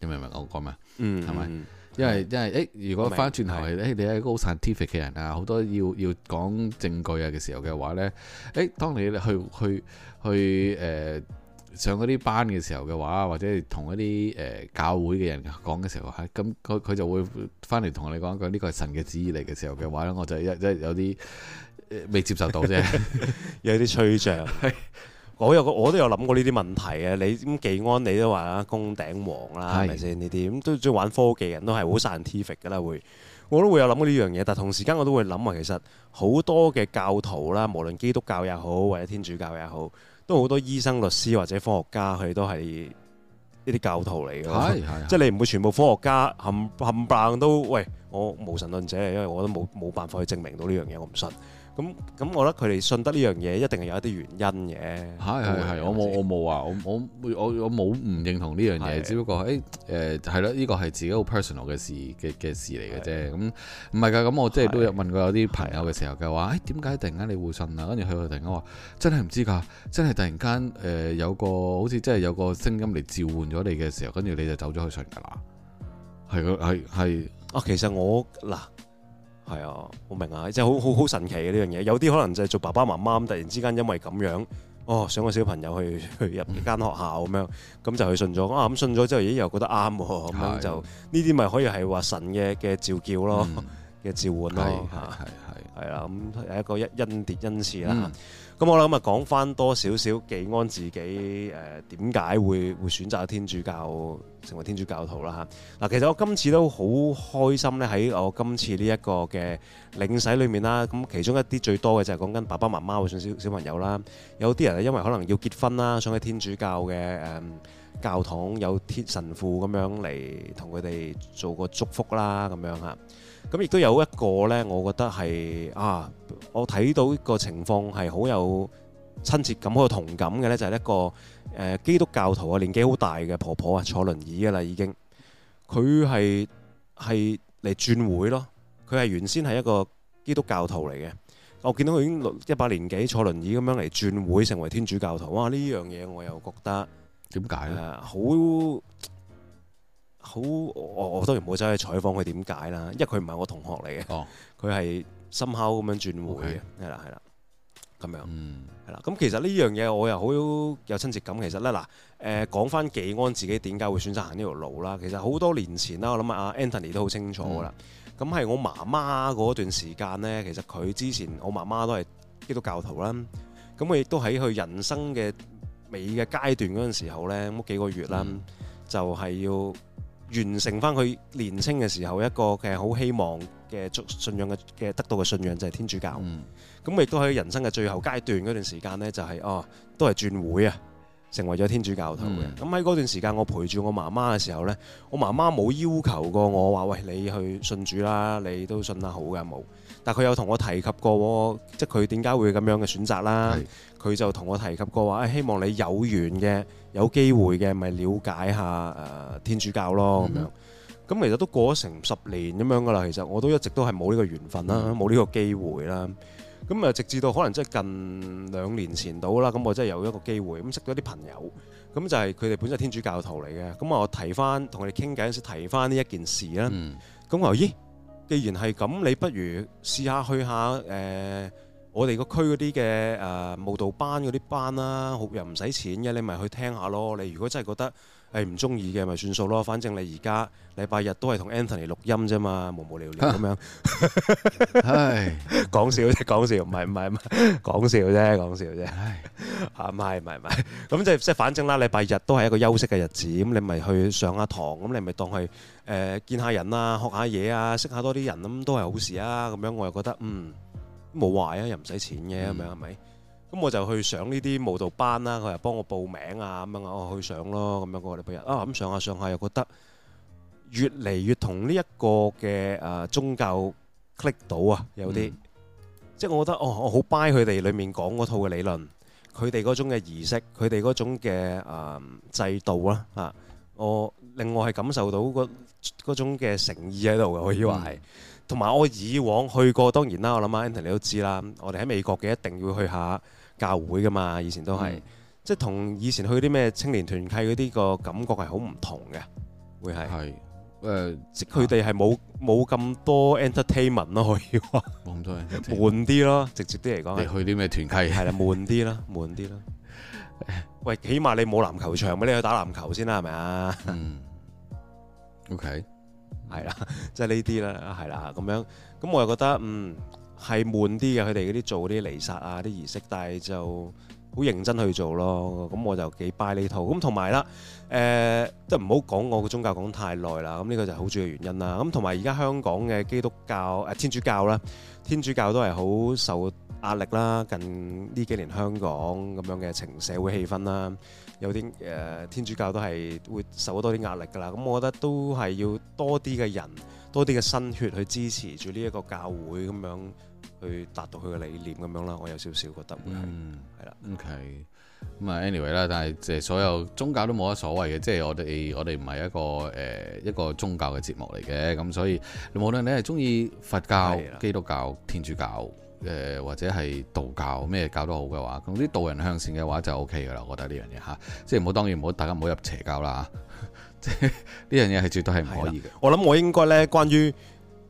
你明唔明我講咩？嗯，係咪？因為因為誒，如果翻轉頭係誒、欸，你係一個好 scientific 嘅人啊，好多要要講證據啊嘅時候嘅話咧，誒、欸，當你去去去誒、呃、上嗰啲班嘅時候嘅話，或者同一啲誒、呃、教會嘅人講嘅時候嚇，咁佢佢就會翻嚟同我哋講一句，呢個係神嘅旨意嚟嘅時候嘅話咧，我就一即有啲未接受到啫， [LAUGHS] 有啲吹脹。我有個，我都有諗過呢啲問題嘅。你咁幾安，你都話啦，宮頂王啦，係咪先呢啲？咁都中玩科技人都係好散 t i 嘅啦，會我都會有諗過呢樣嘢。但同時間我都會諗啊，其實好多嘅教徒啦，無論基督教也好，或者天主教也好，都好多醫生、律師或者科學家，佢都係呢啲教徒嚟嘅。即係是你唔會全部科學家冚冚棒都喂，我無神論者，因為我都冇冇辦法去證明到呢樣嘢，我唔信。咁咁，我覺得佢哋信得呢樣嘢一定係有一啲原因嘅。嚇係係，我冇我冇啊！我我我我冇唔認同呢樣嘢，係，只不過誒誒係咯，呢個係自己好 personal 嘅事嘅嘅事嚟嘅啫。咁唔係㗎，咁我即係都有問過有啲朋友嘅時候，佢話誒點解突然間你會信啊？跟住佢又突然間話真係唔知㗎，真係突然間誒有個好似真係有個聲音嚟召喚咗你嘅時候，跟住你就走咗去信㗎啦。係㗎，係係啊，其實我嗱。係啊，好明啊，即係好好好神奇嘅呢樣嘢。有啲可能就係做爸爸媽媽，突然之間因為咁樣，哦，想個小朋友去去入呢間學校咁、嗯、樣，咁就去信咗。啊，咁信咗之後，咦又覺得啱喎、啊，咁是樣就呢啲咪可以係話神嘅嘅召叫咯，嘅、嗯、召喚咯嚇，係係係啦，咁係一個恩典恩賜啦。咁我諗啊，講翻多少少記安自己，誒點解會會選擇天主教成為天主教徒啦嚇。嗱，其實我今次都好開心咧，喺我今次呢一個嘅領洗裏面啦，咁、啊、其中一啲最多嘅就係講緊爸爸媽媽會信小小朋友啦、啊，有啲人因為可能要結婚啦，想喺天主教嘅誒、嗯、教堂有天神父咁樣嚟同佢哋做個祝福啦咁、啊、樣嚇。咁亦都有一個呢，我覺得係啊，我睇到個情況係好有親切感、好有同感嘅呢，就係、是、一個誒、呃、基督教徒啊，年紀好大嘅婆婆啊，坐輪椅㗎喇已經，佢係係嚟轉會咯，佢係原先係一個基督教徒嚟嘅。我見到佢已經一百年幾坐輪椅咁樣嚟轉會成為天主教徒，哇！呢樣嘢我又覺得點解呢？好～、呃好，我我當然唔會走去採訪佢點解啦，因為佢唔係我同學嚟嘅，佢係深烤咁樣轉會嘅，係啦 Okay.，係啦，咁樣，係啦、嗯。咁其實呢樣嘢我又好有親切感。其實咧，嗱，誒講翻紀安自己點解會選擇行呢條路啦。其實好多年前啦，我諗阿 Anthony 都好清楚噶啦。咁係、嗯、我媽媽嗰段時間咧，其實佢之前我媽媽都係基督教徒啦。咁佢亦都喺佢人生嘅尾嘅階段嗰陣時候咧，冇幾個月啦，嗯、就係要。完成翻佢年青嘅時候一個嘅好希望嘅信仰嘅得到嘅信仰就係、是、天主教。咁亦、嗯、都喺人生嘅最後階段嗰段時間呢、就是，就係哦都係轉會啊，成為咗天主教徒嘅。咁喺嗰段時間我我時，我陪住我媽媽嘅時候呢，我媽媽冇要求過我話喂，你去信主啦，你都信得好㗎冇。但佢有同我提及過，即係佢點解會咁樣嘅選擇啦。佢就同我提及過話、哎，希望你有緣嘅、有機會嘅，咪了解下誒、呃、天主教咯咁、mm hmm. 樣。咁其實都過咗成十年咁樣㗎啦。其實我都一直都係冇呢個緣分啦，冇呢、mm hmm. 個機會啦。咁啊，直至到可能即係近兩年前到啦。咁我真係有一個機會，咁識咗啲朋友。咁就係佢哋本身係天主教徒嚟嘅。咁我提翻同佢哋傾偈嗰時提翻呢一件事啦。咁、mm hmm. 我咦、欸，既然係咁，你不如試下去下誒。呃我哋個區嗰啲嘅誒舞蹈班嗰啲班啦、啊，又唔使錢嘅，你咪去聽下咯。你如果真係覺得係唔中意嘅，咪、欸、算數咯。反正你而家禮拜日都係同 Anthony 錄音啫嘛，無無聊聊咁樣。講笑啫，講笑，唔係唔係唔係講笑啫，講笑啫。唉、哎，唔係唔係唔係，咁即係即係，反正啦，禮拜日都係一個休息嘅日子，咁你咪去上下堂，咁你咪當係誒、呃、見下人啊，學下嘢啊，識下多啲人咁，都係好事啊。咁樣我又覺得嗯。冇壞啊，又唔使錢嘅，係咪啊？咁我就去上呢啲舞蹈班啦。佢又幫我報名啊，咁樣我去上咯。咁樣我哋每日啊咁上下上下，又覺得越嚟越同呢一個嘅誒宗教 click 到啊，有啲即係我覺得哦，我好 buy 佢哋裡面講嗰套嘅理論，佢哋嗰種嘅儀式，佢哋嗰種嘅誒制度啦啊，我另外係感受到個嗰種嘅誠意喺度嘅，可以話係。同埋我以往去過當然啦，我諗啊，Anthony 你都知啦，我哋喺美國嘅一定要去下教會噶嘛，以前都係，即係同以前去啲咩青年團契嗰啲個感覺係好唔同嘅，會係係誒，即係佢哋係冇冇咁多 entertainment 咯可以話，冇咁多人，悶啲咯，直接啲嚟講，你去啲咩團契？係啦，悶啲啦，悶啲啦。喂，起碼你冇籃球場咩？你可以打籃球先啦，係咪啊？嗯，OK。係啦，即係呢啲啦，係啦咁樣。咁我又覺得嗯係悶啲嘅，佢哋嗰啲做啲彌撒啊啲儀式，但係就好認真去做咯。咁我就幾拜呢套。咁同埋啦，即都唔好講我個宗教講太耐啦。咁呢個就好主要原因啦。咁同埋而家香港嘅基督教誒、呃、天主教啦，天主教都係好受壓力啦。近呢幾年香港咁樣嘅情社會氣氛啦。有啲誒、呃、天主教都係會受多啲壓力㗎啦，咁我覺得都係要多啲嘅人，多啲嘅心血去支持住呢一個教會咁樣，去達到佢嘅理念咁樣啦。我有少少覺得會係，係啦、嗯。咁係嘅，咁啊、okay. anyway 啦，但係即係所有宗教都冇乜所謂嘅，即係我哋我哋唔係一個誒、呃、一個宗教嘅節目嚟嘅，咁所以無論你係中意佛教、係嘅基督教、天主教。誒、呃、或者係道教咩教都好嘅話，總之導人向善嘅話就 O K 㗎喇，我覺得呢樣嘢吓，即係唔好當然唔好大家唔好入邪教啦，即係呢樣嘢係絕對係唔可以嘅。我諗我應該咧，關於。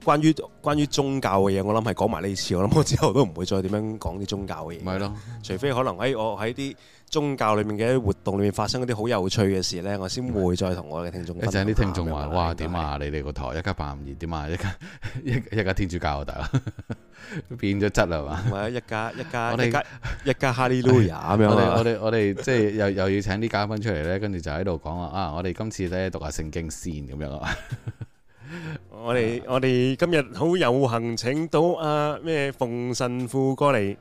關於關於宗教嘅嘢，我諗係講埋呢次，我諗我之後都唔會再點樣講啲宗教嘅嘢。係咯了，除非可能喺我喺啲宗教裏面嘅活動裏面發生一啲好有趣嘅事咧，我先會再同我哋聽眾講。一陣啲聽眾話：嘩哇，點啊？你哋個台一家八五二，點啊？一家一一家天主教啊，大佬變咗質啦嘛！咪一家一家一家哈利路亞咁樣們 [LAUGHS] 啊！我哋我哋即係又又要請啲嘉賓出嚟咧，跟住就喺度講話啊！我哋今次咧讀下聖經先咁樣啊！ [LAUGHS] 我哋我哋今日好有幸請到阿咩奉神父過嚟，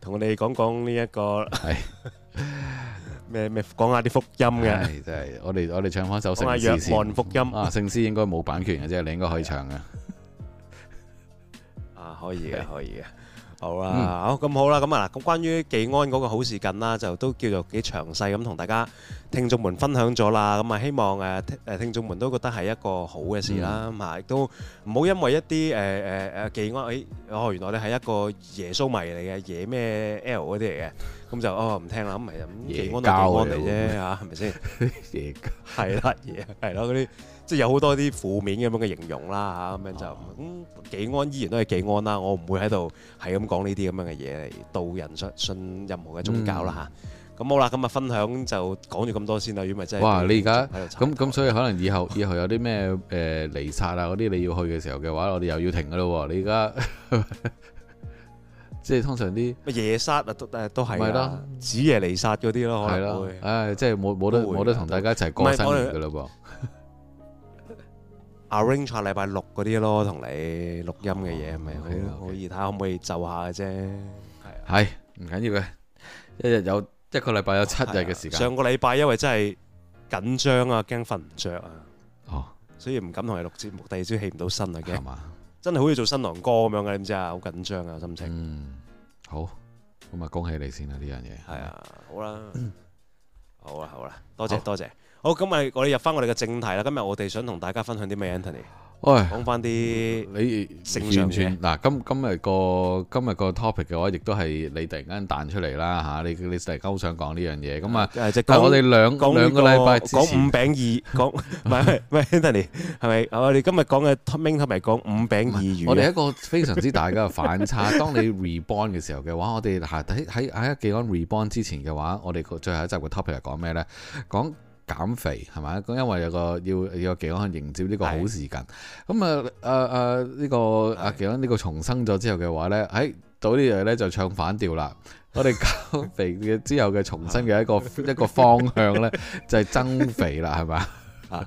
同我哋講講呢一個係咩咩講下啲福音嘅。係我哋我哋唱翻首聖詩先。聖詩應該冇版權嘅啫，你應該可以唱噶，啊可以嘅可以嘅。 [LAUGHS] 好啦，好咁好啦，咁啊嗱，咁關於記安嗰個好事近啦，就都叫做幾詳細咁同大家聽眾們分享咗啦，咁啊希望誒誒聽眾們都覺得係一個好嘅事啦，咁啊亦都唔好因為一啲誒誒誒記安，哎哦原來你係一個耶穌迷嚟嘅，耶咩 L 嗰啲嚟嘅，咁就哦唔聽啦，咁係啊，記安都記安嚟啫嚇，係咪先？耶！係乜嘢？係咯，嗰啲。即係有好多啲負面咁樣嘅形容啦嚇，咁樣就咁幾安依然都係幾安啦。我唔會喺度係咁講呢啲咁樣嘅嘢嚟導人信信任何嘅宗教啦嚇。咁好啦，咁啊分享就講咗咁多先啦。如果咪真係哇，你而家咁咁，所以可能以後以後有啲咩誒彌撒啊嗰啲你要去嘅時候嘅話，我哋又要停噶咯喎。你而家即係通常啲夜彌撒啊，都都係咪啦？子夜彌撒嗰啲咯，係咯。唉，即係冇冇得冇得同大家一齊過新年噶嘞噃。我 arrange 下禮拜六嗰啲咯，同你錄音嘅嘢，咪好好易睇下可唔可以就下嘅啫。係，唔緊要嘅。一日有一個禮拜有七日嘅時間。上個禮拜因為真係緊張啊，驚瞓唔着啊，哦，所以唔敢同你錄節目，第二朝起唔到身啊，驚。係嘛？真係好似做新郎哥咁樣嘅，你知啊？好緊張啊，心情。好，咁咪恭喜你先啦呢樣嘢。係啊，好啦，好啦，好啦，多謝多謝。好，今日我哋入翻我哋嘅正題啦。今日我哋想同大家分享啲咩，Anthony？講翻啲你正常嘅。嗱，今今日個今日個 topic 嘅話，亦都係你突然間彈出嚟啦吓。你你突然間好想講呢樣嘢，咁啊？但係我哋兩兩個禮拜之前講五餅二，講唔係唔係，Anthony 係咪？我哋今日講嘅 main topic 同埋講五餅二魚。我哋一個非常之大嘅反差。當你 rebound 嘅時候嘅話，我哋吓喺喺喺記安 rebound 之前嘅話，我哋個最後一集嘅 topic 係講咩咧？講減肥係咪？咁因為有個要要健康迎接呢個好時間。咁啊誒誒呢個阿健呢個重生咗之後嘅話咧，喺、哎、到呢樣咧就唱反調啦。對我哋減肥嘅之後嘅重生嘅一個一個方向咧， [LAUGHS] 就係增肥啦，係咪？嚇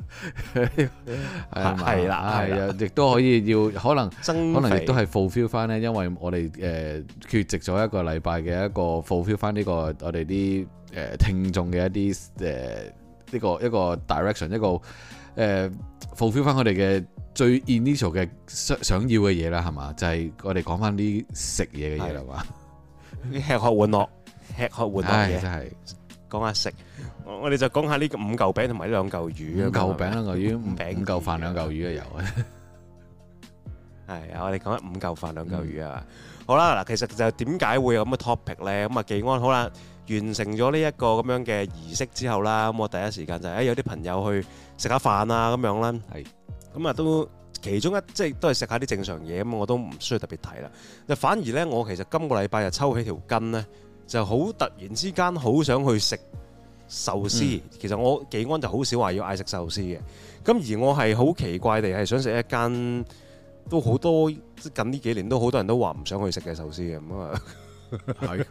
係啦，係啦，亦的都可以要可能會可能亦都係 fulfill 翻咧，因為我哋誒缺席咗一個禮拜嘅一個 fulfill 翻呢個，個，個，個，個我哋啲誒聽眾嘅一啲誒。呢個一個 direction，一個誒 fulfill 翻我哋嘅最 initial 嘅想想要嘅嘢啦，係嘛？就係我哋講翻啲食嘢嘅嘢啦，嘛？吃喝玩樂，吃喝玩樂嘢真係。講下食，我哋就講下呢五嚿餅同埋呢兩嚿魚。五嚿餅兩嚿魚，五餅五嚿飯兩嚿魚啊！又係。係啊，我哋講下五嚿飯兩嚿魚啊！好啦，嗱，其實就點解會有咁嘅 topic 咧？咁啊，技安，好啦。完成咗呢一個咁樣嘅儀式之後啦，咁我第一時間就誒有啲朋友去食下飯啊咁樣啦，係，咁啊都其中一即係都係食下啲正常嘢，咁我都唔需要特別提啦。就反而呢，我其實今個禮拜又抽起條筋呢，就好突然之間好想去食壽司。嗯、其實我幾安就好少話要嗌食壽司嘅，咁而我係好奇怪地係想食一間都好多近呢幾年都好多人都話唔想去食嘅壽司嘅，咁啊係。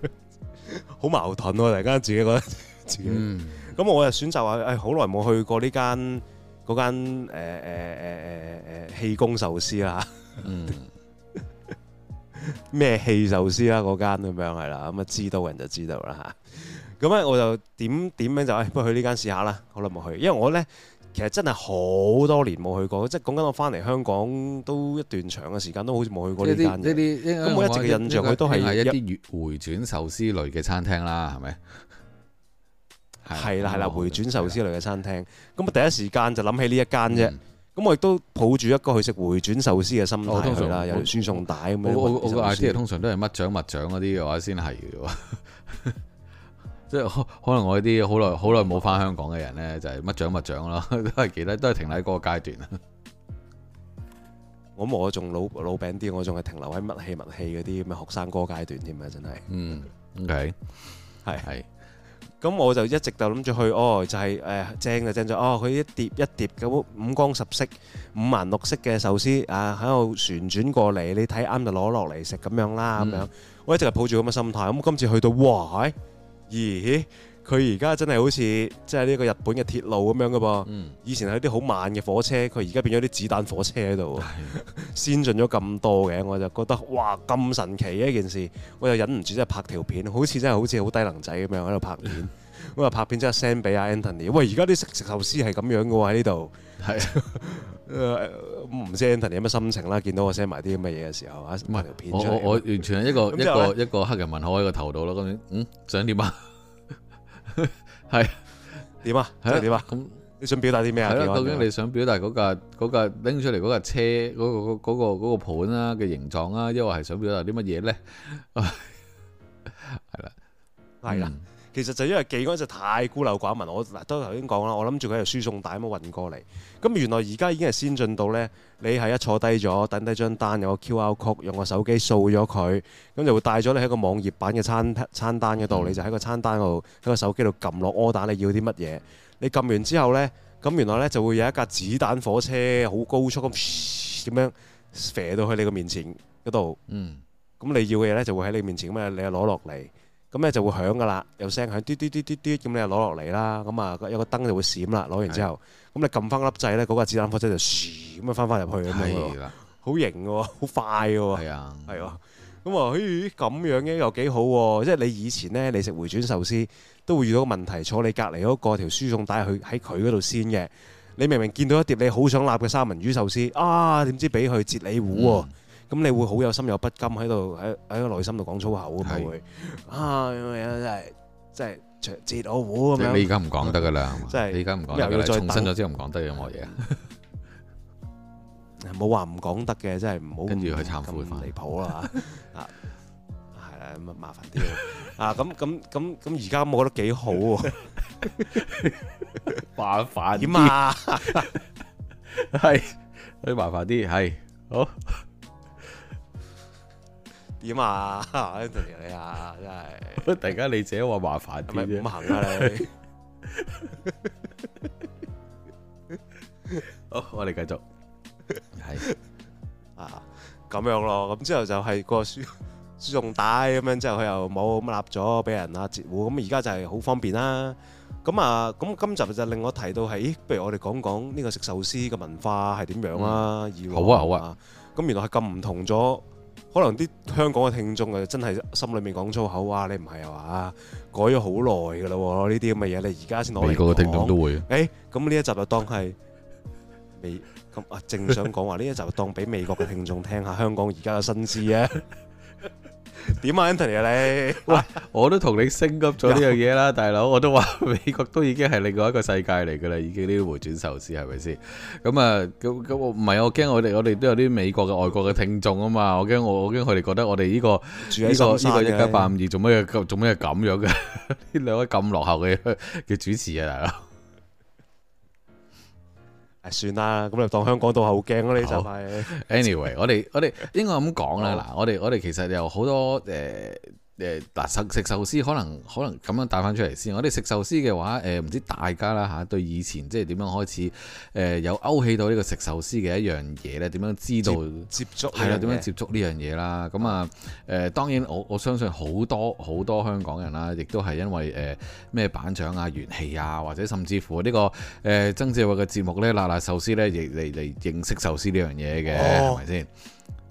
好矛盾喎，突然間自己覺得自己、嗯，咁我又選擇話，誒、欸，好耐冇去過呢間嗰間誒誒誒誒誒氣功壽司啦，咩氣壽司啦嗰間咁樣係啦，咁啊、嗯、知道人就知道啦吓，咁咧我就點點樣就誒、欸，不如去呢間試下啦，好耐冇去，因為我咧。其實真係好多年冇去過，即係講緊我翻嚟香港都一段長嘅時間，都好似冇去過呢間。咁我一直嘅印象，佢都係一啲回轉壽司類嘅餐廳啦，係咪？係啦係啦，回轉壽司類嘅餐廳。咁我第一時間就諗起呢一間啫。咁我亦都抱住一個去食回轉壽司嘅心態啦，有條輸送帶咁樣。冇冇啲嘢，通常都係乜長乜長嗰啲嘅話先係即係可能我啲好耐好耐冇返香港嘅人呢，就係乜獎乜獎咯，都係其他都係停喺嗰個階段。我我仲老老餅啲，我仲係停留喺乜器乜器嗰啲咁嘅學生哥階段添啊！真係嗯，OK，係係。咁我就一直就諗住去，哦，就係誒正就正就，哦，佢一碟一碟咁五光十色、五顏六色嘅壽司啊，喺度旋轉過嚟，你睇啱就攞落嚟食咁樣啦，咁樣。我一直係抱住咁嘅心態，咁今次去到哇係。咦？佢而家真係好似即係呢個日本嘅鐵路咁樣噶噃，嗯、以前係啲好慢嘅火車，佢而家變咗啲子彈火車喺度，嗯、 [LAUGHS] 先進咗咁多嘅。我就覺得哇咁神奇嘅一件事，我就忍唔住即係拍條片，好似真係好似好低能仔咁樣喺度拍片。嗯 [LAUGHS] 咁啊，拍片即係 send 俾阿 Anthony。喂，而家啲食食壽司係咁樣嘅喎，喺呢度。係是啊，唔 [LAUGHS] 知 Anthony 有乜心情啦？見到我 send 埋啲咁嘅嘢嘅時候，啊是，唔係，我我我完全係一個、嗯、一個一個黑人問號喺個頭度咯。咁嗯，想點啊？係 [LAUGHS] 點啊？係點啊？咁你想表達啲咩啊，啊？究竟你想表達嗰架架拎出嚟嗰架車嗰、嗰個嗰嗰、嗰個嗰個盤啦、啊、嘅形狀啊？因為係想表達啲乜嘢咧？係啦，係啦。其實就因為記嗰時太孤陋寡聞，我都頭先講啦，我諗住佢喺度輸送帶咁樣運過嚟，咁原來而家已經係先進到呢。你係一坐低咗，等低張單有個 QR code，用個手機掃咗佢，咁就會帶咗你喺個網頁版嘅餐餐單嘅度，嗯、你就喺個餐單嗰度喺個手機度撳落 order 你要啲乜嘢，你撳完之後呢，咁原來呢就會有一架子彈火車好高速咁咁樣射到去你個面前嗰度，嗯，咁你要嘅嘢呢，就會喺你面前咁啊、嗯，你攞落嚟。咁咧就會響噶啦，有聲響，嘟嘟嘟嘟嘟咁你就攞落嚟啦。咁啊有個燈就會閃啦，攞完之後，咁你撳翻粒掣咧，嗰個子、那個、彈火車就咻咁的樣翻翻入去嘅咯。好型喎，好快喎。係啊的，係啊。咁啊咦咁樣嘅又幾好喎？即係你以前呢，你食回轉壽司都會遇到個問題，坐你隔離嗰個條輸送帶去喺佢嗰度先嘅。你明明見到一碟你好想揦嘅三文魚壽司，啊點知俾佢截你糊喎？嗯咁你會好有心有不甘喺度，喺喺個內心度講粗口咁，會啊咁樣真係真係長截我胡咁樣。你而家唔講得噶啦，即係你而家唔講得重新咗之後唔講得嘅咁嘅嘢。冇話唔講得嘅，真係唔好跟住去懺悔咁離譜啦啊，係啦，咁麻煩啲啊，咁咁咁咁而家我覺得幾好，麻煩點啊？係你麻煩啲係好。點啊？Anthony 你啊，真係！突然間你自己話麻煩啲啫。唔係唔行㗎你。好，我哋繼續。係。啊，咁樣咯，咁之後就係個輸輸送帶咁樣，之後佢又冇乜立咗，俾人啊截胡。咁而家就係好方便啦。咁啊，咁今集就令我提到係，不如我哋講講呢個食壽司嘅文化係點樣啦。好啊，好啊。咁原來係咁唔同咗。可能啲香港嘅聽眾啊，真係心裏面講粗口啊！你唔係啊嘛，改咗好耐嘅啦喎，呢啲咁嘅嘢你而家先攞嚟講。美國嘅聽眾都會。誒、欸，咁呢一集就當係美咁啊！正想講話呢一集就當俾美國嘅聽眾聽下香港而家嘅新思。啊！ [LAUGHS] 點啊 Anthony 啊你？喂，我都同你升級咗呢樣嘢啦，有 大佬，我都話美國都已經係另外一個世界嚟嘅啦，已經呢啲迴轉壽司係咪先？咁啊，咁咁，唔係我驚我哋，我哋都有啲美國嘅外國嘅聽眾啊嘛，我驚我，我驚佢哋覺得我哋依、呢個依、呢個依 [LAUGHS] 個一家八五二做咩做咩咁樣嘅？呢兩位咁落後嘅嘅主持啊！大佬。誒，算啦，咁你當香港都好驚咯，你就。Anyway，我哋我哋應該咁講啦，嗱， [LAUGHS] 我哋我哋其實有好多誒。呃誒，嗱，食食壽司可能可能咁樣帶翻出嚟先，我哋食壽司嘅話，誒、呃、唔知大家啦嚇、啊、對以前即係點樣開始誒、呃、有勾起到呢個食壽司嘅一樣嘢咧，點樣知道接，接觸係啦對，點樣接觸呢樣嘢啦？咁啊誒，當然我我相信好多好多香港人啦，亦都係因為誒咩板長啊、元氣啊，或者甚至乎呢、呢個誒、呃、曾志偉嘅節目咧，辣辣壽司咧，亦嚟嚟認識壽司呢樣嘢嘅，係咪先？是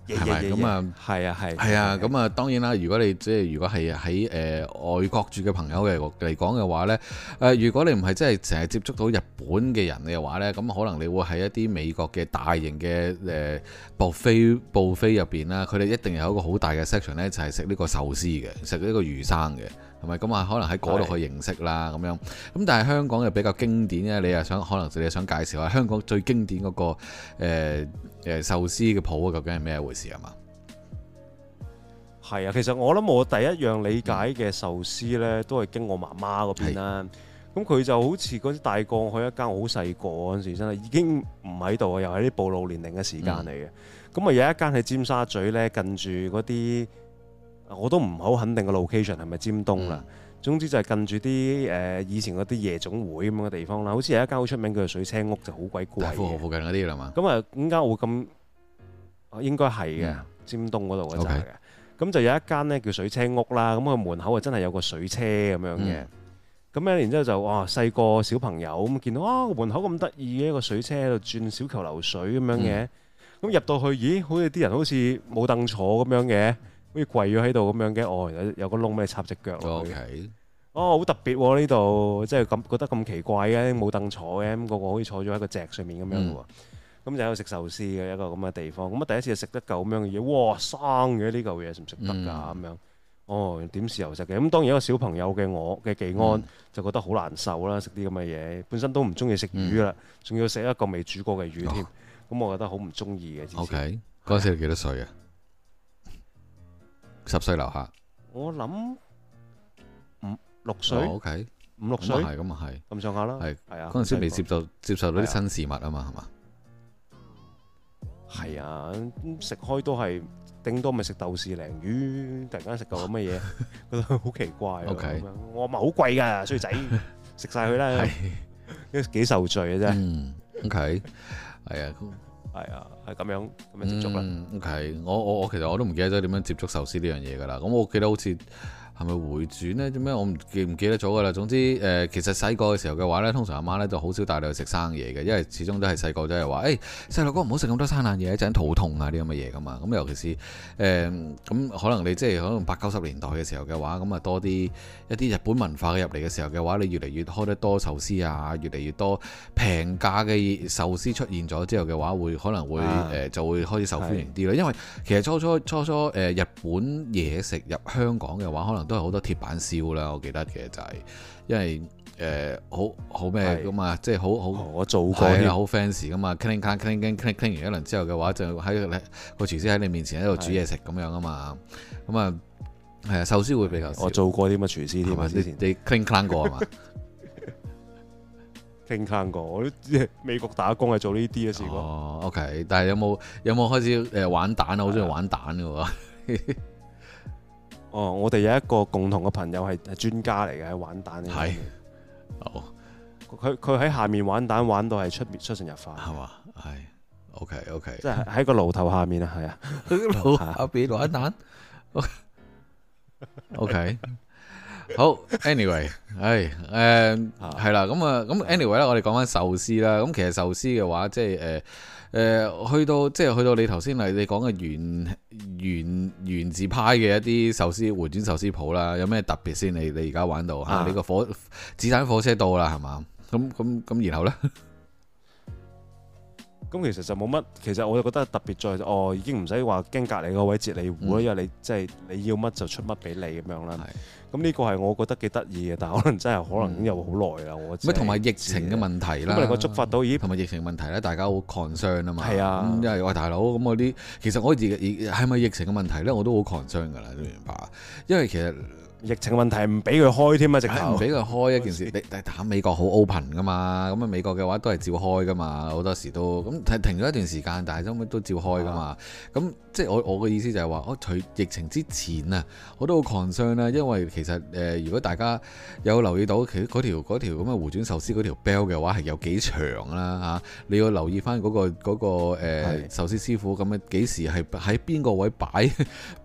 係咪咁啊？係啊，係。係啊，咁啊，當然啦。如果你即係如果係喺誒外國住嘅朋友嘅嚟講嘅話呢，誒如果你唔係真係成日接觸到日本嘅人嘅話呢，咁可能你會喺一啲美國嘅大型嘅誒、呃、布菲布菲入邊啦，佢哋一定有一個好大嘅 section 咧，就係食呢個壽司嘅，食呢個魚生嘅。係咪咁啊？可能喺嗰度去認識啦，咁是的 樣。咁但係香港又比較經典嘅，你又想可能你想介紹下香港最經典嗰、那個誒誒、呃、壽司嘅鋪究竟係咩回事係嘛？係啊，其實我諗我第一樣理解嘅壽司咧，都係經我媽媽嗰邊啦。咁佢是的 就好似嗰啲大港，開一間，好細個嗰陣時，真係已經唔喺度啊！又係啲暴露年齡嘅時間嚟嘅。咁啊，有一間喺尖沙咀咧，近住嗰啲。我都唔好肯定個 location 係咪尖東啦。總之就係近住啲誒以前嗰啲夜總會咁嘅地方啦。好似有一間好出名叫做水車屋，就好鬼貴。大富豪附近嗰啲啦嘛。咁啊，點解會咁？應該係嘅，尖東嗰度嗰扎嘅。咁就有一間咧叫水車屋啦。咁個門口啊真係有個水車咁樣嘅。咁咧，然之後就哇細個小朋友咁見到啊門口咁得意嘅一個水車喺度轉小球流水咁樣嘅。咁入到去，咦？好似啲人好似冇凳坐咁樣嘅。好似跪咗喺度咁樣嘅，哦，有個窿咩插隻腳。哦，好特別呢度，即係咁覺得咁奇怪嘅，冇凳坐嘅，咁個個好似坐咗喺個席上面咁樣嘅喎。咁就係食壽司嘅一個咁嘅地方。咁啊第一次食得嚿咁樣嘅嘢，哇，生嘅呢嚿嘢食唔食得㗎？咁樣，哦，點豉油食嘅。咁當然一個小朋友嘅我嘅技安就覺得好難受啦。食啲咁嘅嘢，本身都唔中意食魚啦，仲要食一個未煮過嘅魚添。咁我覺得好唔中意嘅。OK，嗰陣時幾多歲啊？十歲樓下，我諗五六歲，O K，五六歲，係咁啊係咁上下啦，係係啊，嗰陣時未接受接受到啲新事物啊嘛，係嘛，係啊，食開都係，頂多咪食豆豉鯪魚，突然間食到咁嘅嘢，覺得好奇怪，O K，我咪好貴噶衰仔，食晒佢啦，都幾受罪嘅啫，O K，係啊。係啊，係咁、哎、樣咁樣接觸啦。係、嗯 okay，我我我其實我都唔記得咗點樣接觸壽司呢樣嘢㗎啦。咁、嗯、我記得好似。係咪迴轉呢？做咩？我唔記唔記得咗㗎喇。總之誒、呃，其實細個嘅時候嘅話呢，通常阿媽呢就好少帶你去食生嘢嘅，因為始終都係細個，都係話誒細路哥唔好食咁多生冷嘢，一陣肚痛啊啲咁嘅嘢㗎嘛。咁、嗯、尤其是誒咁、呃嗯、可能你即係可能八九十年代嘅時候嘅話，咁、嗯、啊多啲一啲日本文化入嚟嘅時候嘅話，你越嚟越開得多壽司啊，越嚟越多平價嘅壽司出現咗之後嘅話，會可能會誒、啊呃、就會開始受歡迎啲咯。的因為其實初初初初誒、呃、日本嘢食，食入香港嘅話，可能。都係好多鐵板燒啦，我記得其實就係因為誒好好咩咁啊，即係好好我做過啲好 fancy 噶嘛，cleaning clean clean clean clean 完一輪之後嘅話，就喺個廚師喺你面前喺度煮嘢食咁樣啊嘛，咁啊係啊，壽司會比較少。我做過啲乜廚師添啊？之前你 clean clan 過啊嘛？clean clan 過，我都即係美國打工係做呢啲嘅，試過。OK，但係有冇有冇開始誒玩蛋啊？我好中意玩蛋嘅喎。哦，我哋有一個共同嘅朋友係係專家嚟嘅，喺玩蛋。係，好，佢佢喺下面玩蛋，玩到係出面出神入化，係嘛？係，OK OK，即係喺個爐頭下面啊，係啊，爐下邊玩蛋。OK，好，Anyway，唉，誒，係啦，咁啊，咁 Anyway 咧，我哋講翻壽司啦。咁其實壽司嘅話，即係誒。誒、呃、去到即係去到你頭先嚟你講嘅原原原自派嘅一啲壽司迴轉壽司鋪啦，有咩特別先？你你而家玩到嚇你個火子彈火車到啦，係嘛？咁咁咁然後咧，咁其實就冇乜。其實我就覺得特別在哦，已經唔使話驚隔離個位截你糊、嗯、因為你即係、就是、你要乜就出乜俾你咁樣啦。係。咁呢個係我覺得幾得意嘅，但係可能真係可能已經有好耐啦。嗯、我咩同埋疫情嘅問題啦，咁、啊、我觸發到咦，同埋疫情問題咧，大家好 concern 啊嘛。係啊，因為喂大佬，咁我啲其實我而而係咪疫情嘅問題咧，我都好 concern 㗎啦，你明白？因為其實。疫情問題唔俾佢開添啊！直頭唔俾佢開一件事。但係打美國好 open 噶嘛，咁啊美國嘅話都係照開噶嘛。好多時都咁係停咗一段時間，但係後都照開噶嘛。咁、啊、即係我我嘅意思就係話，我除疫情之前啊，我都好 concern 啦，因為其實誒、呃，如果大家有留意到，其實嗰條咁嘅迴轉壽司嗰條 bell 嘅話係有幾長啦、啊、嚇、啊。你要留意翻、嗰、嗰個嗰、嗰個、嗰個呃、壽司師傅咁嘅幾時係喺邊個位擺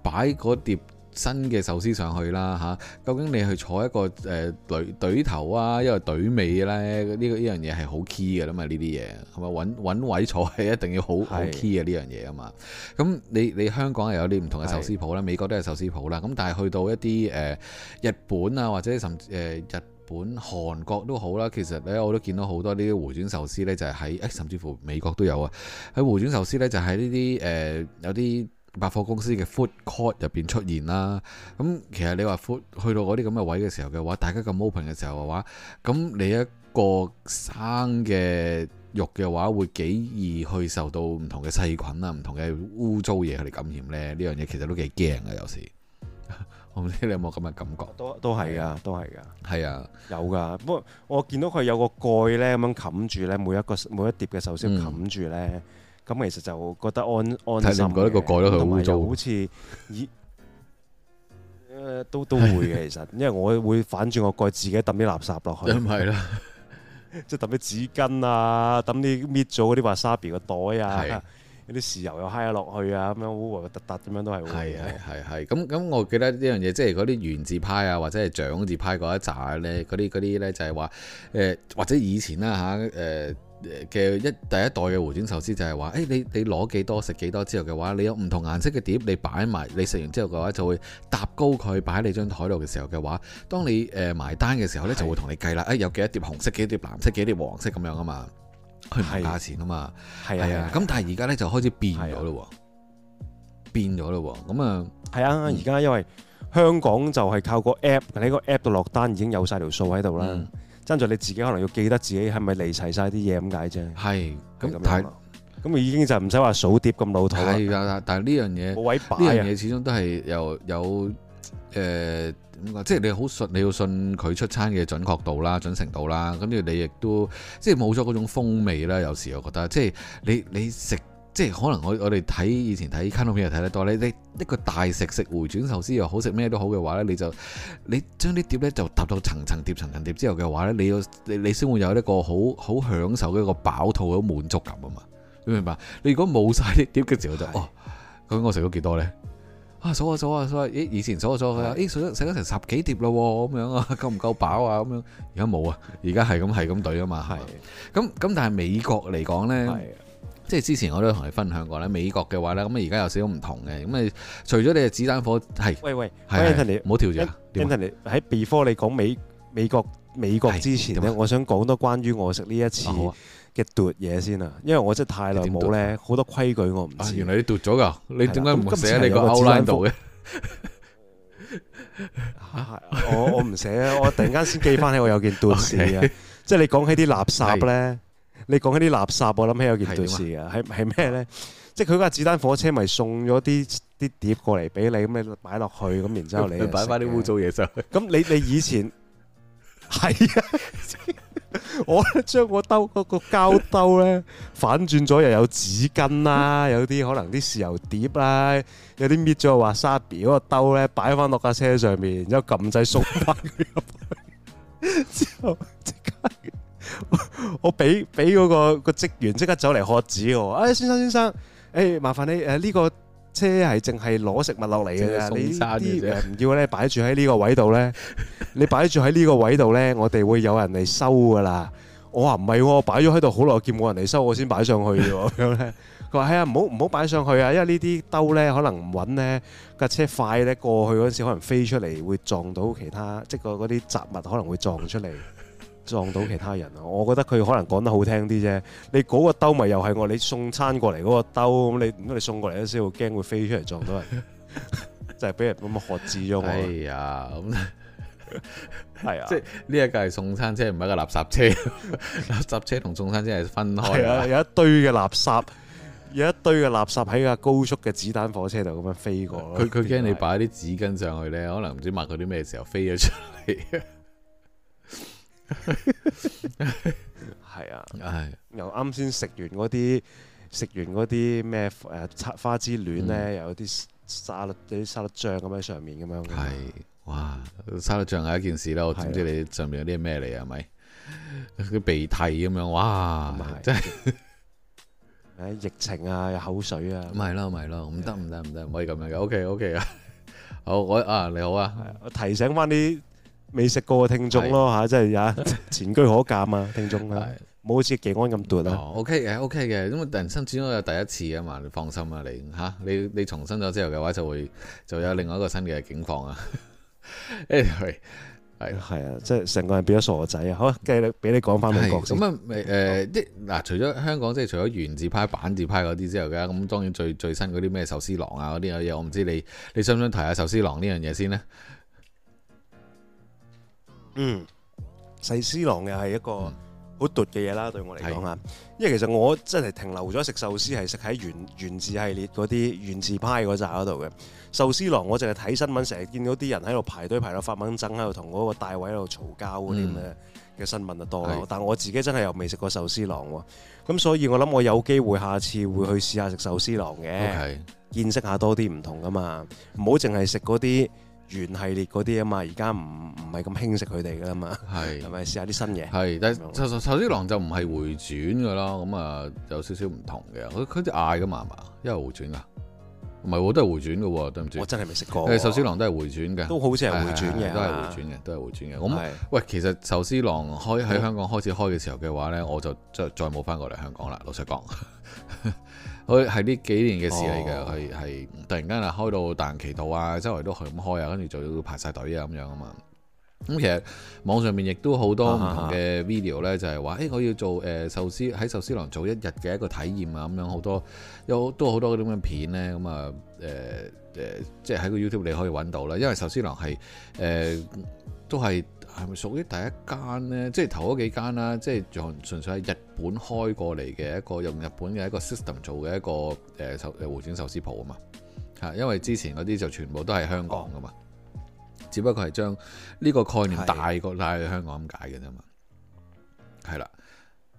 擺嗰碟。新嘅壽司上去啦吓、啊，究竟你去坐一個誒隊隊頭啊，因為隊尾咧呢個呢樣嘢係好 key 嘅啦嘛，呢啲嘢係咪揾揾位坐係一定要好好是 key 嘅呢樣嘢啊嘛？咁你你香港又有啲唔同嘅壽司鋪啦，是美國都有壽司鋪啦，咁、啊、但係去到一啲誒、呃、日本啊，或者甚至、呃、日本、韓國都好啦，其實咧我都見到好多呢啲迴轉壽司咧，就係喺誒，甚至乎美國都有啊，喺迴轉壽司咧就喺呢啲誒有啲。呃有百貨公司嘅 food court 入邊出現啦，咁其實你話 food 去到嗰啲咁嘅位嘅時候嘅話，大家咁 open 嘅時候嘅話，咁你一個生嘅肉嘅話，會幾易去受到唔同嘅細菌啊、唔同嘅污糟嘢佢哋感染咧？呢樣嘢其實都幾驚啊，有時我唔知你有冇咁嘅感覺？都都係噶，都係噶，係啊，有噶。不過我見到佢有個蓋咧，咁樣冚住咧，每一個每一碟嘅壽司冚住咧。嗯咁其實就覺得安安心，覺得個蓋好、 [LAUGHS] 呃、都好污糟，好似以誒都都會嘅其實， [LAUGHS] 因為我會反轉個蓋，自己揼啲垃圾落去。咁啦，即係揼啲紙巾啊，揼啲搣咗嗰啲 wasabi 嘅袋啊，有啲豉油又嗨下落去啊，咁樣污核突突咁樣都係。係啊，係係、啊。咁咁、啊，我記得一樣嘢，即係嗰啲原字派啊，或者係長字派嗰一扎咧，嗰啲嗰啲咧就係話誒，或者以前啦、啊、吓。誒、呃。呃嘅一第一代嘅迴轉壽司就係話，誒、欸，你你攞幾多食幾多之後嘅話，你有唔同顏色嘅碟，你擺埋，你食完之後嘅話就會搭高佢擺喺你張台度嘅時候嘅話，當你誒、呃、埋單嘅時候呢，的就會同你計啦，誒、欸，有幾多碟紅色，幾多碟藍色，幾多碟黃色咁樣啊嘛，去埋價錢啊嘛，係啊，咁的的但係而家呢，就開始變咗咯，的變咗咯，咁、嗯、啊，係啊，而家因為香港就係靠個 app，喺個 app 度落單已經有晒條數喺度啦。嗯爭在你自己可能要記得自己係咪嚟齊晒啲嘢咁解啫。係咁睇，咁但已經就唔使話數碟咁老土。係，但係呢樣嘢，呢樣嘢始終都係有有誒、呃，即係你好信你要信佢出餐嘅準確度啦、準程度啦。咁你你亦都即係冇咗嗰種風味啦。有時我覺得即係你你食。即係可能我我哋睇以前睇卡通片又睇得多，你你一個大食食回轉壽司又好食咩都好嘅話咧，你就你將啲碟咧就搭到層層碟層層碟之後嘅話咧，你要你你先會有一個好好享受嘅一個飽肚嘅滿足感啊嘛，你明唔明白？你如果冇曬啲碟嘅時候就，哦，究竟我食咗幾多咧？啊，數下數下數下！咦，以前數下數下，誒，食咗食咗成十幾碟啦，咁樣啊，夠唔夠飽啊？咁樣，而家冇啊，而家係咁係咁對啊嘛，係。咁咁，但係美國嚟講咧。即係之前我都同你分享過咧，美國嘅話咧，咁啊而家有少少唔同嘅。咁你除咗你嘅子彈火係，喂喂，唔好跳住啊！點解你，喺百科你講美美國美國之前咧，我想講多關於我食呢一次嘅奪嘢先啊，因為我真係太耐冇咧，好多規矩我唔知。原來你奪咗噶？你點解唔寫你個歐拉度嘅？我我唔寫啊！我突然間先記翻起我有件奪事啊！即係你講起啲垃圾咧。你講起啲垃圾，我諗起有件事嘅，係係咩咧？呢啊、即係佢架子彈火車，咪送咗啲啲碟過嚟俾你，咁你擺落去，咁然之後你擺翻啲污糟嘢上去。咁你你以前係 [LAUGHS] 是啊？ [LAUGHS] [LAUGHS] [LAUGHS] 我將我兜嗰、嗰個膠兜咧反轉咗，又有紙巾啦， [LAUGHS] 有啲可能啲豉油碟啦，有啲搣咗個沙皮嗰個兜咧，擺翻落架車上面，然之後撳掣縮翻佢入去，之後即刻。 [LAUGHS] 我俾俾嗰個、嗰個職員即刻走嚟喝止我，誒、哎，先生先生，誒、哎，麻煩你誒，呢、啊，這個車係淨係攞食物落嚟嘅，你啲唔要咧擺住喺呢個位度咧， [LAUGHS] 你擺住喺呢個位度咧，我哋會有人嚟收噶啦。我話唔係喎，我擺咗喺度好耐，見冇人嚟收，我先擺上去嘅。咁咧， [LAUGHS] 佢話係啊，唔好唔好擺上去啊，因為呢啲兜咧可能唔穩咧，架車快咧過去嗰時可能飛出嚟會撞到其他即係嗰啲雜物可能會撞出嚟。 [LAUGHS] 撞到其他人啊！我覺得佢可能講得好聽啲啫。你嗰個兜咪又係我你送餐過嚟嗰個兜，你唔通你送過嚟嘅時候會驚會飛出嚟撞到人？ [LAUGHS] 就係俾人咁樣喝止咗。啊！係啊，咁係啊，即係呢一架係送餐車，唔係一個垃圾車。垃圾車同送餐車係分開、 [LAUGHS] 啊。有一堆嘅垃圾，有一堆嘅垃圾喺架高速嘅子彈火車度咁樣飛過。佢佢驚你擺啲紙巾上去咧，可能唔知抹佢啲咩時候飛咗出嚟 [LAUGHS] 係啊，係又啱先食完嗰啲，食完嗰啲咩誒花之戀咧，有啲沙律啲沙律醬咁喺上面咁樣嘅。係，哇沙律醬係一件事啦，我總知你上面有啲咩嚟啊，係咪？鼻涕咁樣，哇，真係！誒，疫情啊，有口水啊，唔係咯，唔係咯，唔得，唔得，唔得，唔可以咁樣嘅。O K，O K 啊，好，我啊你好啊，我提醒翻你。未食過嘅聽眾咯吓，真係啊前居可鑑啊聽眾啊，冇好似技安咁奪啊。OK 嘅，OK 嘅，咁人生始終有第一次啊嘛，你放心啊，你嚇，你你重生咗之後嘅話就會就有另外一個新嘅境況啊。誒係係係啊，即係成個人變咗傻仔啊！好啊，繼續俾你講翻另一個。咁啊咪誒嗱，除咗香港即係除咗原字派、板字派嗰啲之後嘅，咁當然最最新嗰啲咩壽司郎啊嗰啲嘢，我唔知你你想唔想提下壽司郎呢樣嘢先呢？嗯，壽司郎又係一個好獨嘅嘢啦，對我嚟講嚇。的因為其實我真係停留咗食壽司，係食喺原原字系列嗰啲原字派嗰扎嗰度嘅壽司郎。我淨係睇新聞，成日見到啲人喺度排隊排到發癲癲，喺度同嗰個大位喺度嘈交啲咁嘅嘅新聞就多咯。的但我自己真係又未食過壽司郎喎。咁所以，我諗我有機會下次會去試下食壽司郎嘅，Okay. 見識下多啲唔同㗎嘛。唔好淨係食嗰啲。原系列嗰啲啊嘛，而家唔唔係咁興食佢哋噶啦嘛，係係咪試下啲新嘢？係，但壽壽樣壽司郎就唔係回轉噶啦。咁啊有少少唔同嘅，佢佢啲嗌噶嘛嘛，因為回轉噶，唔係我都係回轉噶，對唔住，我真係未食過，壽司郎都係回轉嘅，啊哎，都好似係回轉嘅，都係回轉嘅，都係回轉嘅。咁是喂，其實壽司郎開喺香港開始開嘅時候嘅話咧，嗯、我就再再冇翻過嚟香港啦，老實講。 [LAUGHS] 佢係呢幾年嘅事嚟嘅，佢係、oh. 突然間啊開到大行其道啊，周圍都咁開,開啊，跟住就要排晒隊啊咁樣啊嘛。咁其實網上面亦都好多唔同嘅 video 咧，就係話，誒、huh. 欸、我要做誒、呃、壽司喺壽司郎做一日嘅一個體驗啊，咁樣好多有都好多嗰啲咁樣片咧，咁啊誒誒，即係喺個 YouTube 你可以揾到啦。因為壽司郎係誒都係。係咪屬於第一間呢？即係頭嗰幾間啦，即係純粹係日本開過嚟嘅一個用日本嘅一個 system 做嘅一個誒、呃、壽誒迴轉壽司鋪啊嘛，嚇！因為之前嗰啲就全部都係香港噶嘛，哦、只不過係將呢個概念大個拉去香港咁解嘅啫嘛，係啦的，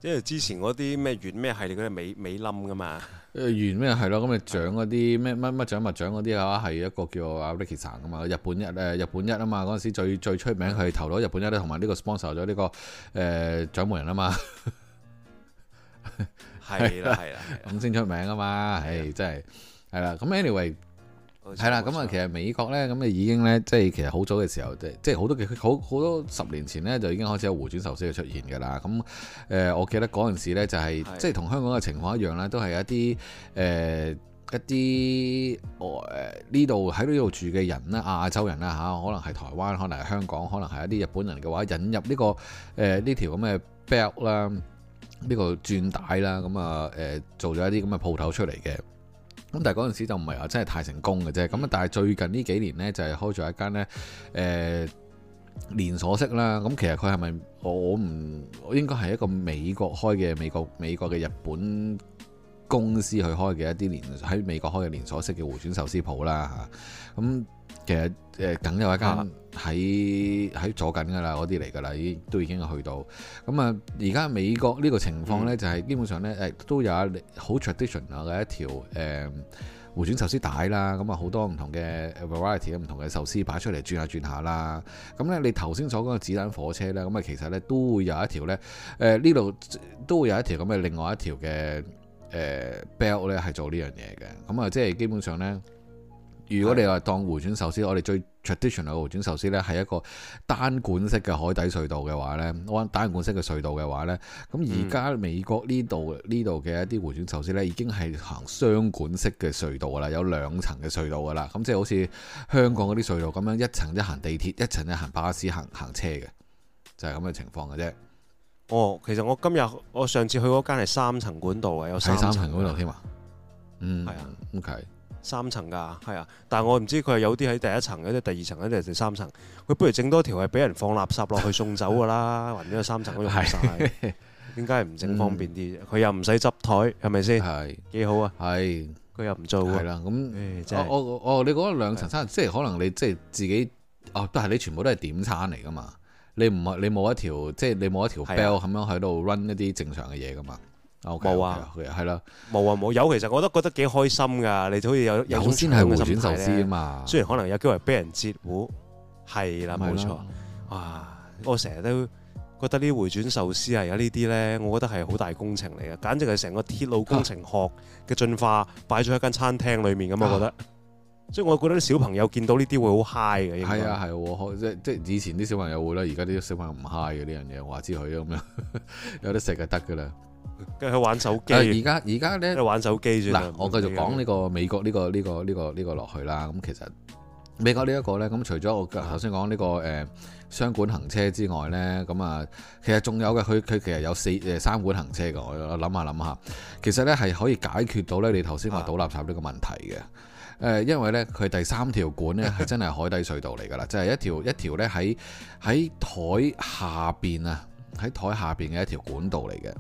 的因為之前嗰啲咩月咩系列嗰啲美美冧噶嘛。完咩係咯，咁啊獎嗰啲咩乜乜獎物獎嗰啲啊，係一個叫啊 Ricky 神啊嘛，日本一誒日本一啊嘛，嗰陣時最最出名，佢投咗日本一咧，同埋呢個 sponsor 咗呢個誒獎門人啊嘛，係啦係啦，咁先出名啊嘛，唉真係係啦，咁 Anyway。的 [LAUGHS] 係啦，咁啊，其實美國咧，咁啊已經咧，即係其實好早嘅時候，即即好多其實好好多十年前咧，就已經開始有迴轉壽司嘅出現㗎啦。咁誒、呃，我記得嗰陣時咧，就係、是、的即係同香港嘅情況一樣啦，都係一啲誒、呃、一啲我呢度喺呢度住嘅人啦，亞洲人啦嚇、啊，可能係台灣，可能係香港，可能係一啲日本人嘅話，引入呢、這個誒呢條咁嘅 belt 啦，呢、這個轉帶啦，咁啊誒、呃、做咗一啲咁嘅鋪頭出嚟嘅。咁但係嗰陣時就唔係話真係太成功嘅啫，咁啊！但係最近呢幾年呢，就係、是、開咗一間呢誒連鎖式啦，咁、嗯、其實佢係咪我唔應該係一個美國開嘅美國美國嘅日本公司去開嘅一啲連喺美國開嘅連鎖式嘅迴轉壽司鋪啦嚇，咁、嗯。其實誒梗、呃、有一間喺喺左近㗎啦，嗰啲嚟㗎啦，已都已經去到。咁啊，而家美國呢個情況咧，嗯、就係基本上咧誒都有好 traditional 嘅一條誒、呃、迴轉壽司帶啦。咁、嗯、啊，好多唔同嘅 variety 嘅唔同嘅壽司擺出嚟轉下轉下啦。咁、嗯、咧，你頭先所講嘅子彈火車咧，咁、嗯、啊，其實咧都會有一條咧誒呢度、呃、都會有一條咁嘅另外一條嘅誒 belt 咧係做呢樣嘢嘅。咁、嗯、啊，即係基本上咧。如果你話當迴轉壽司，我哋最 traditional 嘅迴轉壽司呢係一個單管式嘅海底隧道嘅話呢，我諗單管式嘅隧道嘅話呢，咁而家美國呢度呢度嘅一啲迴轉壽司呢已經係行雙管式嘅隧道啦，有兩層嘅隧道噶啦，咁即係好似香港嗰啲隧道咁樣，一層一行地鐵，一層一行巴士行行車嘅，就係咁嘅情況嘅啫。哦，其實我今日我上次去嗰間係三層管道嘅，有三層管道。係三層管道添嘛？嗯，係啊的，咁係。三層㗎，係啊，但係我唔知佢係有啲喺第一層，有啲第二層，有啲第三層。佢不如整多條係俾人放垃圾落去送走㗎啦，或者 [LAUGHS] 三層都用曬，點解唔整方便啲？佢、嗯、又唔使執枱，係咪先？係、嗯、幾好啊？係佢又唔做啊？係啦，咁、嗯嗯、我我哦，你講兩層三層，即係可能你即係自己哦，都、啊、係你全部都係點餐嚟㗎嘛？你唔你冇一條即係你冇一條 belt 咁樣喺度 run 一啲正常嘅嘢㗎嘛？冇啊，係啦、okay, okay, okay, okay. yeah.，冇啊冇有，其實我都覺得幾開心噶，你好似有有新鮮係迴轉壽司啊嘛，雖然可能有機會俾人截胡，係啦冇錯，哇、 [MUSIC] 啊！我成日都覺得呢迴轉壽司啊，而家呢啲咧，我覺得係好大工程嚟嘅，簡直係成個鐵路工程學嘅進化擺咗喺間餐廳裏面咁、 [MUSIC] 啊、我覺得。所以我覺得啲小朋友見到呢啲會好 high 嘅，應該係啊係，即即以前啲小朋友會啦，而家啲小朋友唔 high 嘅呢樣嘢，話知佢咁樣有得食就得噶啦。 [MUSIC] 跟續玩手機。而家而家咧玩手機先。嗱，我繼續講呢個美國呢個呢個呢個呢個落去啦。咁其實美國呢一個呢，咁除咗我頭先講呢個誒雙管行車之外呢，咁啊其實仲有嘅，佢佢其實有四誒三管行車噶。我諗下諗下，其實呢係可以解決到呢你頭先話倒垃圾呢個問題嘅。誒，因為呢，佢第三條管呢係真係海底隧道嚟噶啦，即係 [LAUGHS] 一條一條咧喺喺台下邊啊。喺台下邊嘅一條管道嚟嘅，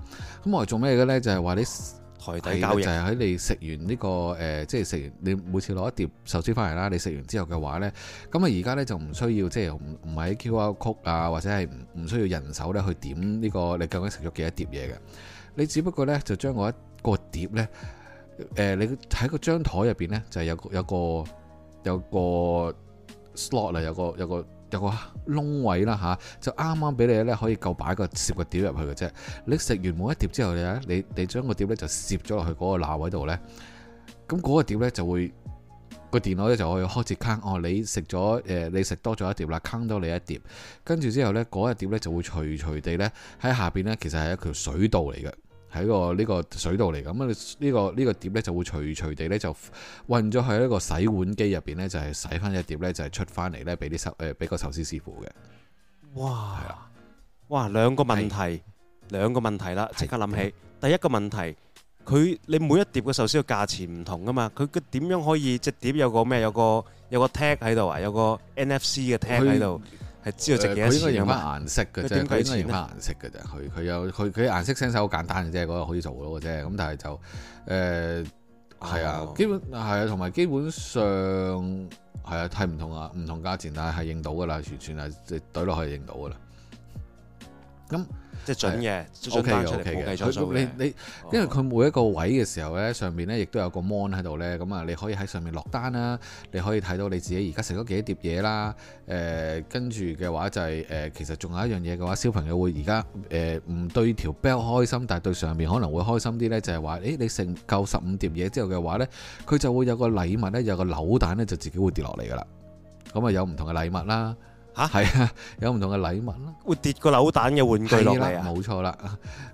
咁我係做咩嘅咧？就係、是、話你台底就係喺你食完呢、這個誒，即係食完你每次攞一碟壽司翻嚟啦，你食完之後嘅話咧，咁啊而家咧就唔需要即係唔唔喺 Q R code 啊，或者係唔唔需要人手咧去點呢、這個你究竟食咗幾多碟嘢嘅？你只不過咧就將嗰一個碟咧，誒、呃，你喺個張台入邊咧就係、是、有有個有個 slot 啦，有個有個。有個有個窿位啦嚇、啊，就啱啱俾你咧可以夠擺個攝個碟入去嘅啫。你食完每一碟之後，你咧你你將個，個碟咧就攝咗落去嗰個罅位度咧，咁嗰個碟咧就會個電腦咧就可以開始坑。哦，你食咗誒，你食多咗一碟啦，坑多你一碟。跟住之後咧，嗰、那、一、個、碟咧就會隨隨地咧喺下邊咧，其實係一條水道嚟嘅。喺個呢個水度嚟咁啊，呢、這個呢、這個碟呢就會隨隨地呢就混咗去一個洗碗機入邊呢就係、是、洗翻一碟呢，就係、是、出翻嚟呢，俾啲壽誒，俾個壽司師傅嘅。哇！啊、哇，兩個問題，是兩個問題啦，即刻諗起。的第一個問題，佢你每一碟嘅壽司嘅價錢唔同噶嘛？佢佢點樣可以即碟有個咩？有個有個 tag 喺度啊？有個 NFC 嘅 tag 喺度？知道佢應該認返顏色嘅啫，佢應該認返顏色嘅啫。佢佢有佢佢顏色聲勢好簡單嘅啫，嗰個可以做到嘅啫。咁但係就誒係啊，基本係啊，同埋基本上係啊，睇唔同啊，唔同價錢，但係係認到嘅啦，完全係對落去認到嘅啦。咁、嗯、即係獎嘢，即係送單出嚟嘅。佢你你，因為佢每一個位嘅時候咧，上面咧亦都有個 mon 喺度咧，咁啊，你可以喺上面落單啦。你可以睇到你自己而家食咗幾多碟嘢啦。誒、呃，跟住嘅話就係、是、誒、呃，其實仲有一樣嘢嘅話，小朋友會而家誒唔對條 bell 開心，但係對上面可能會開心啲咧，就係話誒，你食夠十五碟嘢之後嘅話咧，佢就會有個禮物咧，有個扭蛋咧，就自己會跌落嚟噶啦。咁啊，有唔同嘅禮物啦。嚇，係啊，有唔同嘅禮物啦，會跌個扭蛋嘅玩具落嚟啊！冇錯啦，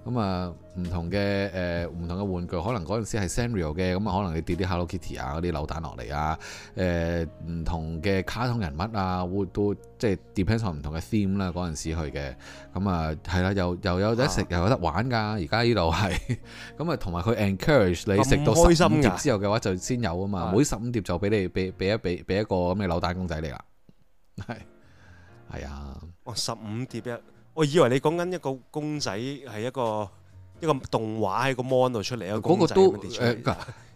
咁啊唔同嘅，誒唔同嘅玩具，可能嗰陣時係 Sanrio 嘅，咁啊可能你跌啲 Hello Kitty 啊嗰啲扭蛋落嚟啊，誒唔同嘅卡通人物啊，會都即係 depends on 唔同嘅 theme 啦，嗰陣時去嘅，咁啊係啦，又又有得食又有得玩㗎，而家呢度係，咁啊同埋佢 encourage 你食到十五碟之後嘅話就先有啊嘛，每十五碟就俾你俾俾一俾俾一個咁嘅扭蛋公仔你啦，係。係啊，哦十五碟一，我以為你講緊一個公仔係一個一個動畫喺個 model 出嚟一個公仔，嗰個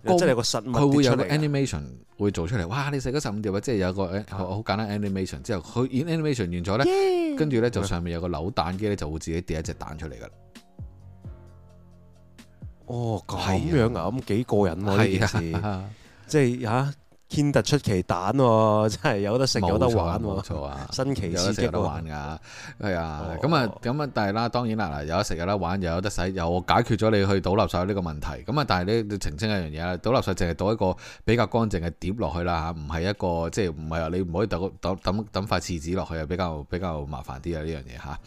都即係有個實物，佢會有個 animation 會做出嚟。哇！你食咗十五碟啊，即係有個好簡單 animation 之後，佢演 animation 完咗咧，跟住咧就上面有個扭蛋機，跟住咧就會自己跌一隻蛋出嚟噶啦。哦，咁樣啊，咁幾過癮啊呢件事，即係吓。健達出奇蛋喎、哦，真係有得食有得玩喎、啊，新、啊、奇刺激到玩㗎，係啊，咁啊咁啊，哦、啊但係啦，當然啦，有得食有得玩又有得使，又解決咗你去倒垃圾呢個問題。咁啊，但係你澄清一樣嘢啦，倒垃圾淨係倒一個比較乾淨嘅碟落去啦嚇，唔、啊、係一個即係唔係話你唔可以倒倒倒倒，倒，倒塊廁紙落去，去啊，比較比較麻煩啲啊呢樣嘢嚇。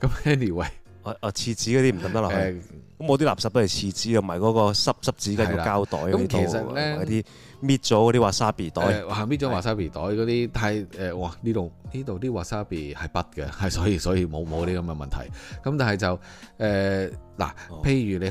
咁 anyway，我我廁紙嗰啲唔抌得落。去。 [LAUGHS] 嗯咁我啲垃圾都係廁紙啊，埋嗰個濕濕紙巾個膠袋喺度，嗰啲搣咗嗰啲 wasabi 袋，搣咗 wasabi 袋嗰啲，但係、呃、哇呢度呢度啲 wasabi 係不嘅，係所以所以冇冇啲咁嘅問題。咁但係就誒嗱、呃，譬如你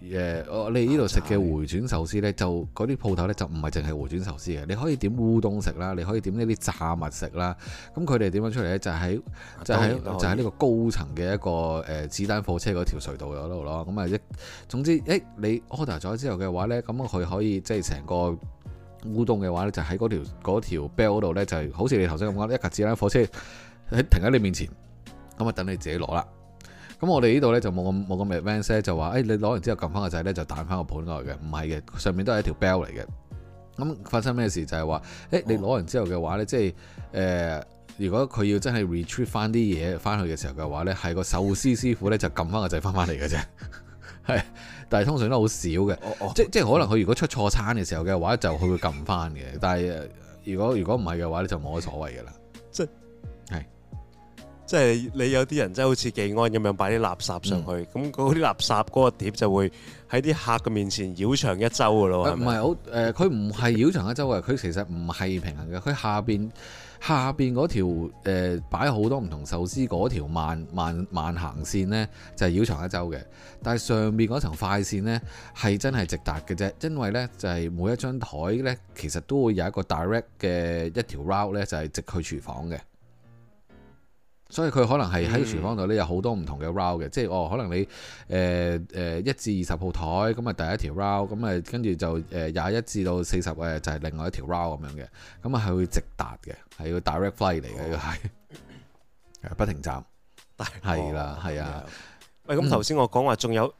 去完，我、哦呃、你呢度食嘅迴轉壽司咧，就嗰啲鋪頭咧就唔係淨係迴轉壽司嘅，你可以點烏冬食啦，你可以點呢啲炸物食啦。咁佢哋點樣出嚟咧？就喺、是、就喺、是、就喺、是、呢、就是就是、個高層嘅一個誒子彈火車嗰條隧道嗰度咯。咁總之，誒、欸，你 order 咗之後嘅話咧，咁佢可以即係成個烏冬嘅話咧，就喺嗰條條 bell 度咧，就好似你頭先咁講， [MUSIC] 一架子彈火車喺停喺你面前，咁啊等你自己攞啦。咁我哋呢度咧就冇咁冇咁 advanced 就話誒、欸，你攞完之後撳翻個掣咧，就彈翻個盤落嘅，唔係嘅，上面都係一條 bell 嚟嘅。咁發生咩事就係、是、話，誒、欸，你攞完之後嘅話咧，即係誒、呃，如果佢要真係 retrieve 翻啲嘢翻去嘅時候嘅話咧，係個壽司師傅咧就撳翻個掣翻翻嚟嘅啫。 [MUSIC] 係，但係通常都好少嘅，oh, oh,，即即可能佢如果出錯餐嘅時候嘅話，就佢會撳翻嘅。但係如果如果唔係嘅話咧，就冇乜所謂嘅啦。即。即係你有啲人真係好似忌安咁樣擺啲垃圾上去，咁嗰啲垃圾嗰個碟就會喺啲客嘅面前繞場一周嘅咯，係咪？唔係好誒，佢唔係繞場一周嘅，佢其實唔係平衡嘅，佢下邊下邊嗰條誒擺好多唔同壽司嗰條慢慢慢行線呢，就係、是、繞場一周嘅。但係上邊嗰層快線呢，係真係直達嘅啫，因為呢，就係、是、每一張台呢，其實都會有一個 direct 嘅一條 route 呢就係直去廚房嘅。所以佢可能係喺廚房度呢有好多唔同嘅 route 嘅，嗯、即係哦，可能你誒誒一至二十號台咁啊，第一條 route 咁啊，跟住就誒廿一至到四十嘅就係另外一條 route 咁樣嘅，咁啊係會直達嘅，係要 direct flight 嚟嘅，呢個係不停站，係啦、哦，係啊的，喂、哦，咁頭先我講話仲有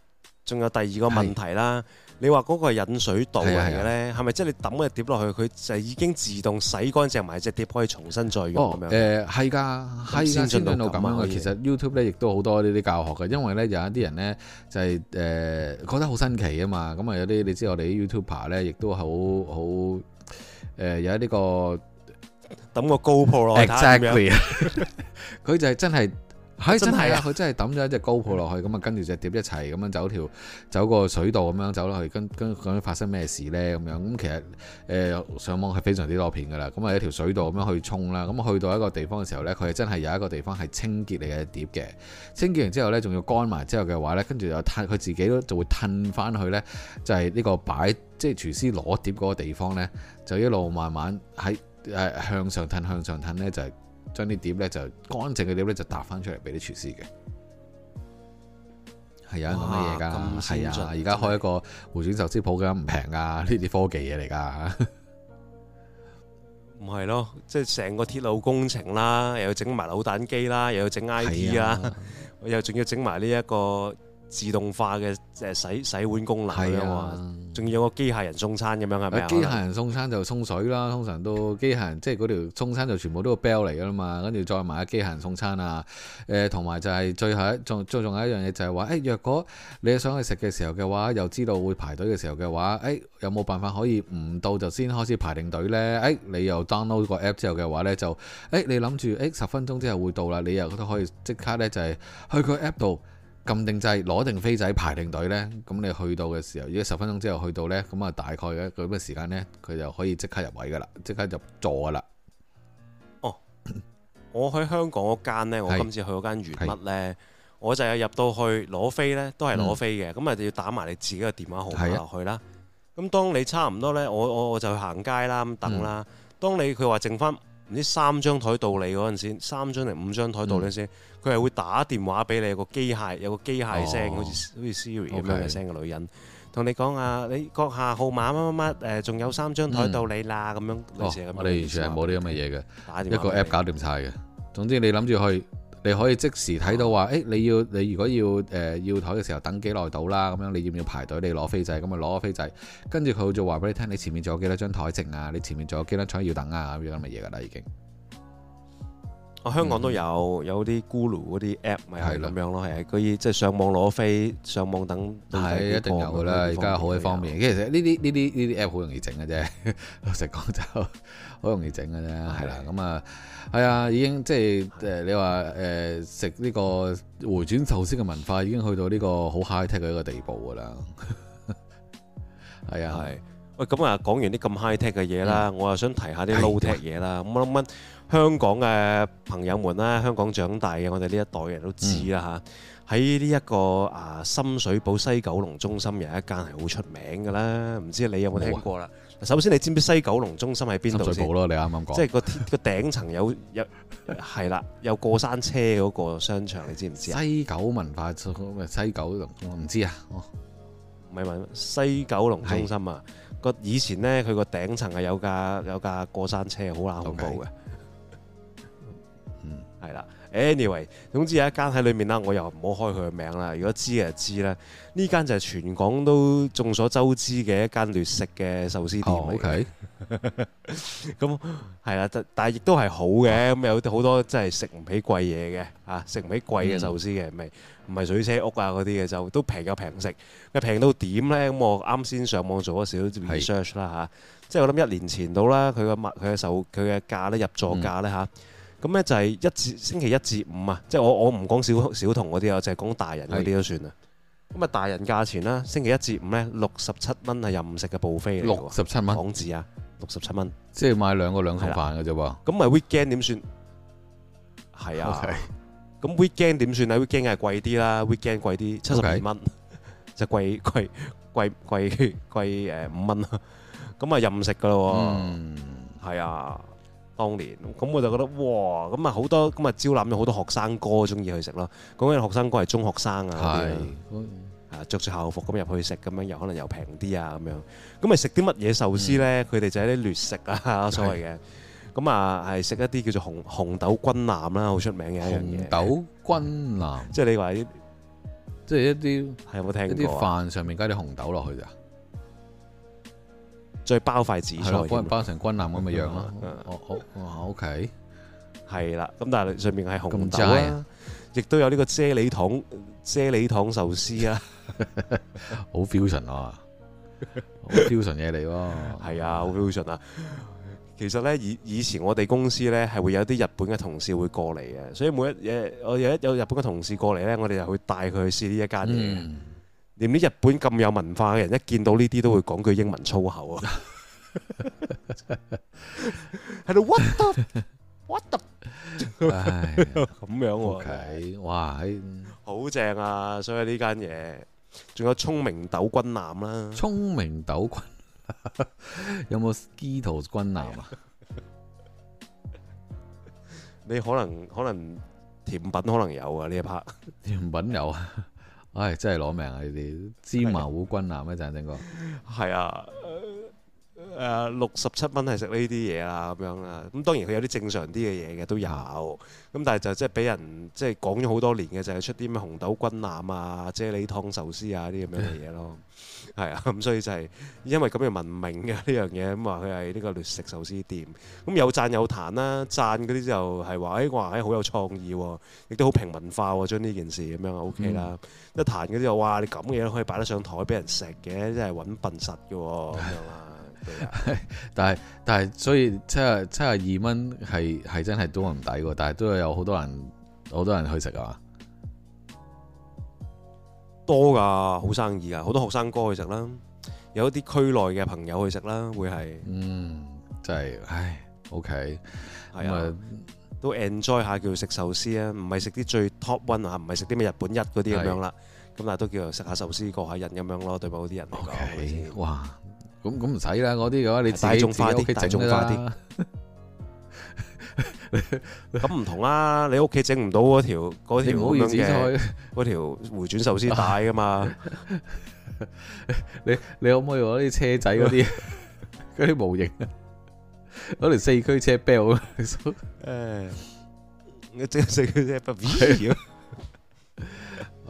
仲有，有第二個問題啦的。你話嗰個引水道嚟嘅咧，係咪即係你抌個碟落去，佢就係已經自動洗乾淨埋，隻碟可以重新再用咁、哦呃、樣？誒係㗎，係先進到咁樣。以其實 YouTube 咧亦都好多呢啲教學嘅，因為咧有一啲人咧就係、是、誒、呃、覺得好新奇啊嘛。咁啊有啲你知我哋啲 YouTuber 咧亦都好好誒、呃、有呢、這個抌個高波落去睇下點樣。佢 Exactly, [LAUGHS] [LAUGHS] 就係真係。係、哎、真係啊！佢真係抌咗一隻 GoPro 落去，咁啊跟住隻碟一齊咁樣走條走個水道咁樣走落去，跟跟究竟發生咩事呢？咁樣。咁其實誒、呃、上網係非常之多片噶啦。咁啊一條水道咁樣去沖啦。咁去到一個地方嘅時候呢，佢係真係有一個地方係清潔嚟嘅碟嘅。清潔完之後呢，仲要乾埋之後嘅話呢，跟住又褪，佢自己都就會褪翻去呢，就係、是、呢個擺即係廚師攞碟嗰個地方呢，就一路慢慢喺誒向上褪向上褪呢就係。將啲碟咧就乾淨嘅碟咧就搭翻出嚟俾啲廚師嘅，係哇啊，啲乜嘢㗎？係啊！而家開一個迴轉壽司鋪嘅唔平㗎，呢啲科技嘢嚟㗎。唔 [LAUGHS] 係咯，即係成個鐵路工程啦，又要整埋扭蛋機啦，又要整 I T 啊，又仲要整埋呢一個。自動化嘅誒洗洗碗功能咁樣啊，仲有個機械人送餐咁樣係咪啊？機械人送餐就送水啦，通常都機械人即係嗰條送餐就全部都係 bell 嚟噶啦嘛，跟住再買下機械人送餐啊！誒、呃，同埋就係最後仲再仲有一樣嘢就係話誒，若果你想去食嘅時候嘅話，又知道會排隊嘅時候嘅話，誒、欸、有冇辦法可以唔到就先開始排定隊呢？誒、欸，你又 download 個 app 之後嘅話呢，就誒、欸，你諗住誒十分鐘之後會到啦，你又都可以即刻呢，就係、是、去個 app 度。撳定掣攞定飛仔排定隊呢？咁你去到嘅時候，如果十分鐘之後去到呢，咁啊大概嘅咁咩時間呢？佢就可以即刻入位噶啦，即刻入座噶啦。哦， [COUGHS] 我喺香港嗰間咧，我今次去嗰間圓物咧，是我就係入到去攞飛呢都係攞飛嘅，咁啊、嗯、要打埋你自己嘅電話號碼入去啦。咁、啊、當你差唔多呢，我我我就去行街啦，咁等啦。嗯、當你佢話剩翻唔知三張台到你嗰陣時，三張定五張台到你先。佢係會打電話俾你，有個機械有個機械聲，好似好似 Siri 咁樣嘅聲嘅女人，同你講啊，你閣下號碼乜乜乜，誒仲有三張台到你啦，咁、嗯、樣類似、哦、我哋完全係冇啲咁嘅嘢嘅，電一個 app 搞掂晒嘅。總之你諗住去，你可以即時睇到話，誒、嗯欸、你要你如果要誒、呃、要台嘅時候等幾耐到啦，咁樣你要唔要排隊？你攞飛仔咁咪攞個飛仔，跟住佢就話俾你聽，你前面仲有幾多張台剩啊？你前面仲有幾多張台要等啊？咁樣咁嘅嘢㗎啦，已經。香港都有有啲咕嚕嗰啲 app 咪係咁樣咯，係佢嗰啲即係上網攞飛，上網等。係一定有嘅啦，而家好嘅方面。其實呢啲呢啲呢啲 app 好容易整嘅啫，老實講，好容易整嘅啫，係啦。咁啊，係啊，已經即係誒，你話誒食呢個回轉壽司嘅文化已經去到呢個好 high tech 嘅一個地步嘅啦。係啊，係。喂，咁啊，講完啲咁 high tech 嘅嘢啦，我又想提下啲 low tech 嘢啦。咁我諗問。香港嘅朋友們啦，香港長大嘅我哋呢一代嘅人都知啦，吓。喺呢一個啊深水埗西九龍中心有一間係好出名㗎啦，唔知你有冇聽過啦？首先你知唔知西九龍中心喺邊度先？深水埗咯，你啱啱講。即係個個頂層有有，係啦，有過山車嗰個商場，你知唔知啊？西九文化中心咪西九龍？我唔知啊，唔係咪西九龍中心啊，個以前呢佢個頂層係有架有架過山車，好難恐怖嘅。係啦，anyway，總之有一間喺裏面啦，我又唔好開佢嘅名啦。如果知嘅就知啦。呢間就係全港都眾所周知嘅一間劣食嘅壽司店。OK，咁係啦，但係亦都係好嘅。咁有好多真係食唔起貴嘢嘅，啊，食唔起貴嘅壽司嘅，唔係唔係水車屋啊嗰啲嘅，就都平又平食，平到點呢？咁我啱先上網做咗少少 research 啦吓，即係是我諗一年前到啦，佢嘅物佢嘅壽佢嘅價咧入座價呢。嚇、嗯。咁咧就係一至星期一至五啊，即係我我唔講小小童嗰啲啊，就係講大人嗰啲都算啦。咁啊，大人價錢啦，星期一至五咧六十七蚊係任食嘅 buffet，六十七蚊港紙啊，六十七蚊。即係買兩個兩桶飯嘅啫喎。咁咪 weekend 點算？係啊，咁 weekend 點算啊？weekend 係貴啲啦，weekend 貴啲，七十二蚊就貴貴貴貴貴誒五蚊咯。咁啊任食噶咯，係啊。當年咁我就覺得哇，咁啊好多，咁啊招攬咗好多學生哥中意去食咯，咁啲學生哥係中學生啊，係着住校服咁入去食，咁樣又可能又平啲啊咁樣，咁咪食啲乜嘢壽司咧？佢哋就喺啲劣食啊，所謂嘅，咁啊係食一啲叫做紅紅豆軍艦啦，好出名嘅一樣嘢。紅豆軍艦，即係你話，即係一啲係，有冇聽過？啲飯上面加啲紅豆落去咋？再包塊紫菜，係啊，包成軍艦咁嘅樣咯。哦、嗯，好、啊，OK，係啦。咁但係上面係紅豆啦，亦都有呢個啫喱糖、啫喱糖壽司 [LAUGHS] 啊，好 [LAUGHS] fusion 啊，好 fusion 嘢嚟喎。係啊， [LAUGHS] 好 fusion 啊。其實咧，以以前我哋公司咧係會有啲日本嘅同事會過嚟嘅，所以每一日我有一有日本嘅同事過嚟咧，我哋就會帶去帶佢去試呢一家嘢。嗯連啲日本咁有文化嘅人，一見到呢啲都會講句英文粗口啊！喺度 what the what the 咁樣？哇，好正啊！所以呢間嘢仲有聰明豆軍艦啦，聰明豆軍艦有冇 Skittles 軍艦啊？ [LAUGHS] 你可能可能甜品可能有啊？呢一 part 甜品有啊？ [LAUGHS] 唉，真係攞命啊！你啲芝麻糊軍艦啊，鄭、嗯、正哥。係啊，誒，六十七蚊係食呢啲嘢啦，咁樣啦。咁當然佢有啲正常啲嘅嘢嘅都有，咁但係就即係俾人即係講咗好多年嘅，就係、是、出啲咩紅豆軍艦啊、啫喱湯壽司啊啲咁樣嘅嘢咯。 [LAUGHS] 係啊，咁所以就係因為咁樣文明嘅呢樣嘢，咁話佢係呢個食壽司店，咁有讚有彈啦，啊。讚嗰啲就係話，哎，哇！哎、好有創意，啊，亦都好平民化，啊，將呢件事咁樣 OK 啦。嗯、一彈嗰啲就係，哇！你咁嘅嘢可以擺得上台俾人食嘅，真係揾笨實嘅。但係但係，所以七七廿二蚊係係真係都唔抵嘅，但係都有好多人好多人去食啊。多㗎，好生意啊！好多學生哥去食啦，有一啲區內嘅朋友去食啦，會係嗯，真係唉，OK，係啊，都 enjoy 下叫做食壽司啊，唔係食啲最 top one 啊，唔係食啲咩日本一嗰啲咁樣啦，咁但係都叫做食下壽司過下癮咁樣咯，對某啲人嚟講，哇，咁咁唔使啦，嗰啲嘅話你大眾化啲，大眾化啲。咁唔 [LAUGHS] 同啦、啊，你屋企整唔到嗰條條咁樣嘅嗰條迴轉壽司帶噶嘛？ [LAUGHS] 你你可唔可以攞啲車仔嗰啲啲模型、啊，攞條四驅車 bel？誒，你整四驅車不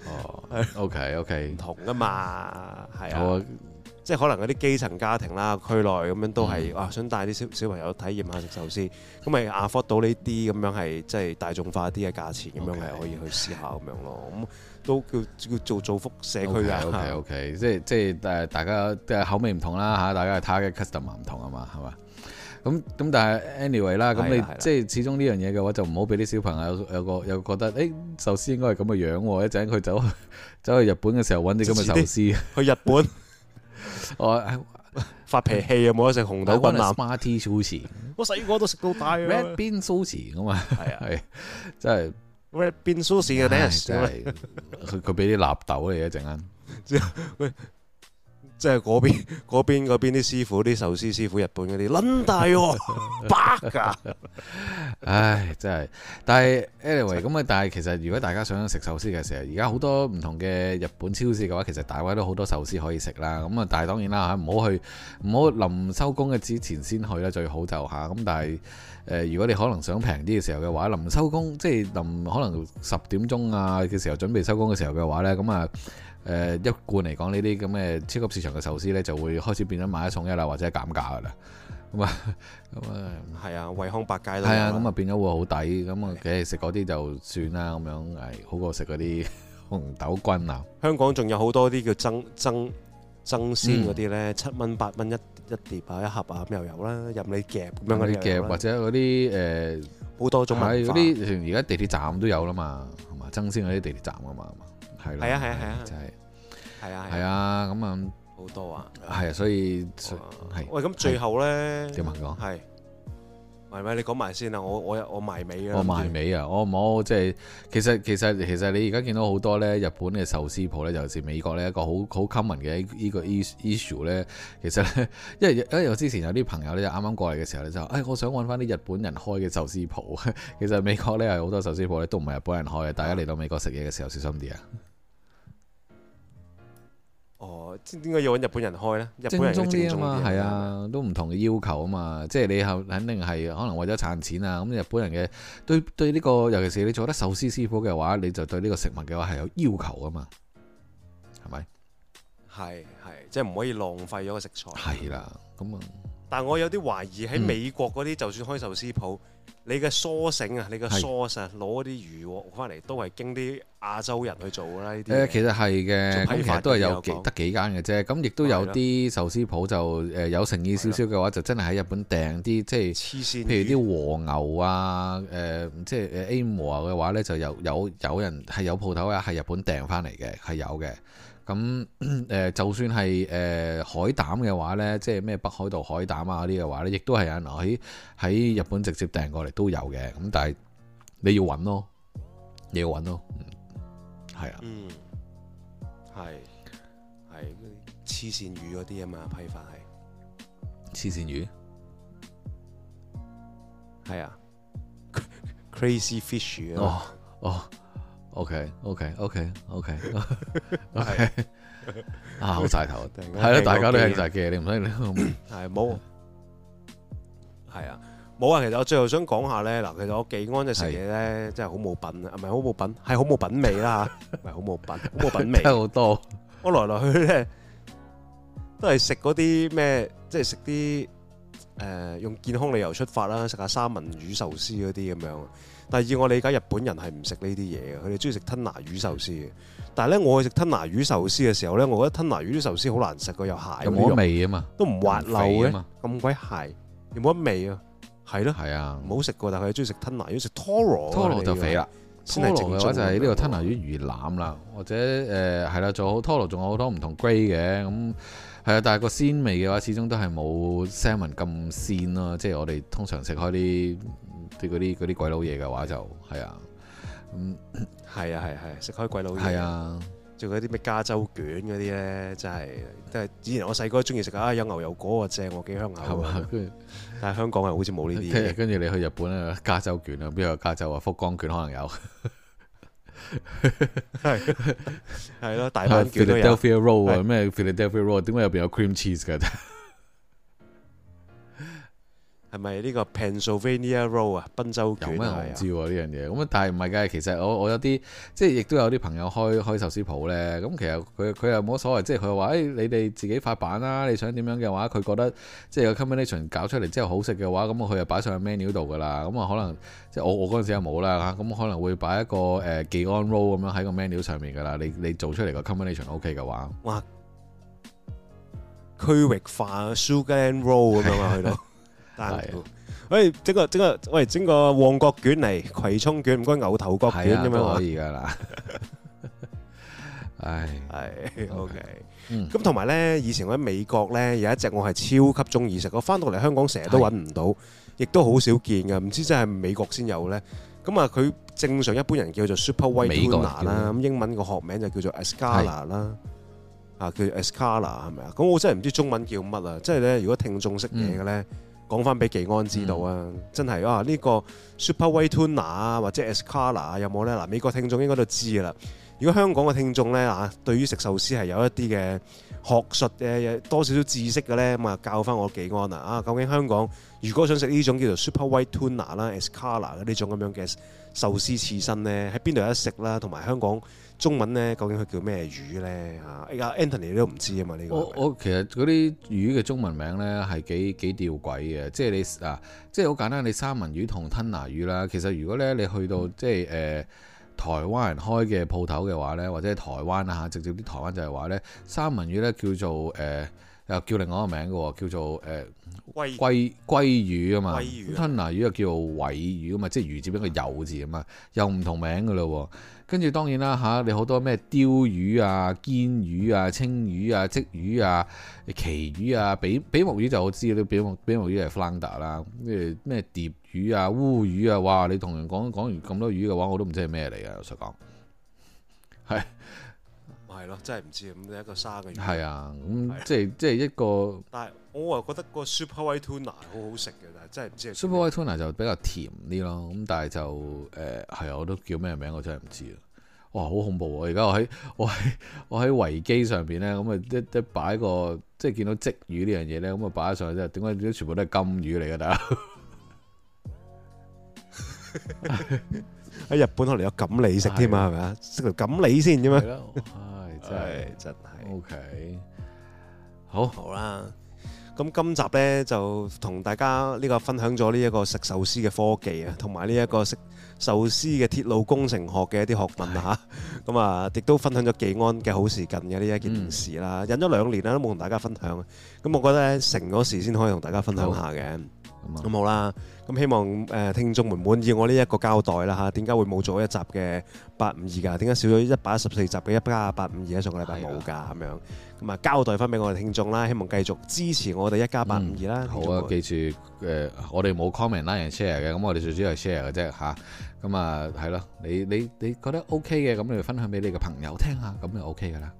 哦，OK OK，唔同啊嘛，係啊。 [LAUGHS] [NOISE] 即係可能嗰啲基層家庭啦，區內咁樣都係哇，想帶啲小小朋友體驗下食壽司，咁咪 afford 到呢啲咁樣係即係大眾化啲嘅價錢，咁樣係可以去試下咁樣咯。咁都叫叫做造福社區啊。OK OK，即係即係誒，大家嘅口味唔同啦吓，大家係睇下嘅 custom 唔同啊嘛，係嘛？咁咁但係 anyway 啦，咁你即係始終呢樣嘢嘅話，就唔好俾啲小朋友有個又覺得誒壽司應該係咁嘅樣喎，一陣佢走去，走去日本嘅時候揾啲咁嘅壽司去日本。我、哦哎、發脾氣啊！冇得食紅豆燜腩。我細個都食到大啊！Red bean sushi 咁啊，係啊係，真係。Red bean sushi [LAUGHS] 啊， [LAUGHS] 真係。佢佢俾啲納豆嚟一陣間。 [LAUGHS] [LAUGHS] 即係嗰邊，嗰邊啲師傅，啲壽司師傅，師傅日本嗰啲撚大喎，白㗎！唉，真係。但係，Anyway 咁啊，way, 但係其實如果大家想食壽司嘅時候，而家好多唔同嘅日本超市嘅話，其實大威都好多壽司可以食啦。咁啊，但係當然啦嚇，唔好去，唔好臨收工嘅之前先去咧，最好就嚇。咁、啊、但係，誒、呃，如果你可能想平啲嘅時候嘅話，臨收工即係臨可能十點鐘啊嘅時候，準備收工嘅時候嘅話呢。咁啊～誒、呃、一貫嚟講呢啲咁嘅超級市場嘅壽司咧，就會開始變咗買一送一啦，或者減價噶啦。咁啊，咁啊，係啊，惠康百佳都係啊。咁啊變咗會好抵。咁啊、 [LAUGHS] 嗯，嘅食嗰啲就算啦。咁樣係好過食嗰啲紅豆君啊。香港仲有好多啲叫爭爭爭鮮嗰啲咧，七蚊八蚊一一碟啊，一盒啊咁又有啦，入你夾咁樣嘅。或者嗰啲誒，好、呃、多種係嗰啲而家地鐵站都有啦嘛，係嘛？爭鮮嗰啲地鐵站啊嘛。係啊係啊係啊，就係係啊係啊，咁啊好多啊，係啊，所以係喂咁最後咧點啊講，係咪咪你講埋先啊，我我我埋尾啊，我埋尾啊，我唔好即係其實其實其實你而家見到好多咧日本嘅壽司鋪咧，尤其是美國呢一個好好 common 嘅呢個 issue 咧，其實咧因為因為之前有啲朋友咧，就啱啱過嚟嘅時候咧就，誒我想揾翻啲日本人開嘅壽司鋪，其實美國咧係好多壽司鋪咧都唔係日本人開嘅，大家嚟到美國食嘢嘅時候小心啲啊！哦，點解要揾日本人開呢？日本人正宗正宗啊。係啊，都唔同嘅要求啊嘛。即係你後肯定係可能為咗賺錢啊。咁日本人嘅對對呢個，尤其是你做得壽司師傅嘅話，你就對呢個食物嘅話係有要求啊嘛。係咪？係係，即係唔可以浪費咗個食材。係啦，咁、嗯、啊。但我有啲懷疑喺美國嗰啲，就算開壽司鋪。嗯你嘅梳繩啊，你嘅梳繩攞啲魚獲翻嚟，都係經啲亞洲人去做啦。呢啲誒，其實係嘅，咁都係有幾得幾間嘅啫。咁亦的都有啲壽司鋪就誒，有誠意少少嘅話，的就真係喺日本訂啲，即係的，譬如啲和牛啊，誒、呃，即係誒 A 五啊嘅話咧，就有有有人係有鋪頭啊，喺日本訂翻嚟嘅，係有嘅。咁誒、呃，就算係誒、呃、海膽嘅話咧，即係咩北海道海膽啊嗰啲嘅話咧，亦都係有人喺喺日本直接訂過嚟都有嘅。咁但係你要揾咯，你要揾咯，係啊，嗯，係係黐線魚嗰啲啊、嗯、嘛，批發係黐線魚，係是啊 [LAUGHS] ，Crazy Fish 魚哦哦。哦哦 O K O K O K O K 啊，好晒頭，係啦，大家都係晒嘅，你唔使你係冇係啊，冇 [COUGHS] 啊，啊！其實我最後想講下咧，嗱，其實我幾安嘅食嘢咧，是真係好冇品，唔係好冇品，係 [LAUGHS] 好冇品味啦吓，係好冇品，好冇品味，好 [LAUGHS] 多。我來來去咧都係食嗰啲咩，即係食啲誒用健康理由出發啦，食下三文魚壽司嗰啲咁樣。第二，我理解日本人係唔食呢啲嘢嘅，佢哋中意食吞拿魚壽司嘅。但係咧，我去食吞拿魚壽司嘅時候咧，我覺得吞拿魚啲壽司好難食，佢有蟹冇乜味啊嘛，都唔滑溜嘅，咁鬼蟹，有冇乜味啊？係咯的，係啊的，冇食過，但係佢中意食吞拿魚，食拖羅。拖羅就肥啦，拖羅嘅話就係呢個吞拿魚魚魚腩啦，或者誒係啦，做好拖羅仲有好多唔同 grade 嘅，咁係啊。但係個鮮味嘅話，始終都係冇 salmon 咁鮮咯，即係我哋通常食開啲。啲嗰啲鬼佬嘢嘅話就係啊，咁係啊係係食開鬼佬嘢，係啊的，仲啲咩加州卷嗰啲咧，真係都係以前我細個中意食啊，有牛油果啊正喎，幾香口，嗎但係香港係好似冇呢啲，跟住你去日本啊，加州卷啊，邊有加州啊，福江卷可能有，係係咯，大板卷咩 p 解入邊有 cream cheese 嘅？係咪呢個 Pennsylvania roll 啊？賓州卷有咩我唔知喎呢樣嘢。咁但係唔係嘅，其實我我有啲即係亦都有啲朋友開開壽司鋪咧。咁其實佢佢又冇乜所謂，即係佢話誒你哋自己發版啦。你想點樣嘅話，佢覺得即係個 combination 搞出嚟之後好食嘅話，咁佢又擺上去 menu 度㗎啦。咁啊可能即係我我嗰陣時又冇啦嚇。咁可能會擺一個誒技安 roll 咁樣喺個 menu 上面㗎啦。你你做出嚟個 combination O K 嘅話，哇！區域化 Sugar and s u g a r a n d roll 咁樣去到。 [LAUGHS] 嗯、喂，整個整個喂整個旺角卷嚟、葵涌卷，唔該牛頭角卷咁、啊、樣可以噶啦。唉、 [LAUGHS] 哎，係、哎、，OK、嗯。咁同埋咧，以前我喺美國咧有一隻我係超級中意食，我翻到嚟香港成日都搵唔到，亦是都好少見嘅，唔知真係美國先有咧。咁啊，佢正常一般人叫做 Super White Tuna 啦，咁英文個學名就叫做 Escolar 啦，啊，叫 Escolar 係咪啊？咁我真係唔知中文叫乜啊！即係咧，如果聽眾識嘢嘅咧。嗯嗯講翻俾紀安知道、嗯、啊！真係啊，呢個 super white tuna、er、啊，或者 escala 啊，有冇呢？嗱、啊，美國聽眾應該都知㗎啦。如果香港嘅聽眾呢，嗱、啊，對於食壽司係有一啲嘅學術嘅、啊、多少少知識嘅呢，咁啊，教翻我紀安啊！究竟香港如果想食呢種叫做 super white tuna 啦、er 啊、escala 呢、啊、種咁樣嘅壽司刺身呢，喺邊度有得食啦？同埋香港。中文呢，究竟佢叫咩魚呢？嚇，依家 Anthony 都唔知啊嘛，呢個我。是是我我其實嗰啲魚嘅中文名呢，係幾幾吊詭嘅，即係你啊，即係好簡單，你三文魚同吞拿魚啦。其實如果呢你去到即係誒、呃、台灣人開嘅鋪頭嘅話呢，或者係台灣啊，直接啲台灣就係話呢，三文魚呢叫做誒。呃又叫另外一個名嘅，叫做誒、呃、鮭鮭，鮭魚啊嘛，吞拿魚又魚叫做鮪魚啊嘛，即係魚字邊個有字啊嘛，又唔同名嘅咯。跟住當然啦嚇，你好多咩鯛魚啊、鰭魚啊、青魚啊、鰍魚啊、奇魚啊、比比目魚就我知，你比目比目魚係 flounder 啦，咩咩蝶魚啊、烏魚啊，哇！你同人講講完咁多魚嘅話，我都唔知係咩嚟啊，老實講係。係咯，真係唔知咁一個沙嘅魚係啊，咁即係了即係一個。但係我又覺得個 Super White Tuna 好好食嘅，但係真係唔知。Super White Tuna 就比較甜啲咯，咁但係就誒係啊，我都叫咩名我真係唔知啊！哇，好恐怖啊！而家我喺我喺我喺維基上邊咧，咁啊一一擺個即係見到鯽魚呢樣嘢咧，咁啊擺咗上去之後，點解全部都係金魚嚟㗎？得 [LAUGHS] 喺 [LAUGHS] [LAUGHS] 日本可能有錦鯉食添啊？係咪啊？食條錦鯉先啫嘛～吧 [LAUGHS] 真係真係，OK，好好啦。咁今集呢，就同大家呢個分享咗呢一個食壽司嘅科技啊，同埋呢一個食壽司嘅鐵路工程學嘅一啲學問吓。咁是啊，亦都分享咗技安嘅好事近嘅呢一件事啦。忍咗兩年啦，都冇同大家分享。咁我覺得成嗰時先可以同大家分享下嘅。咁好啦，咁希望誒聽眾們滿意我呢一個交代啦嚇，點解會冇咗一集嘅八五二㗎？點解少咗一百一十四集嘅一加八五二喺上個禮拜冇㗎？咁樣咁啊，交代翻俾我哋聽眾啦，希望繼續支持我哋一加八五二啦。好啊，記住誒，我哋冇 comment like and share 嘅，咁我哋最主要係 share 嘅啫嚇。咁啊，係咯，你你你覺得 OK 嘅，咁你分享俾你嘅朋友聽下，咁就 OK 㗎啦。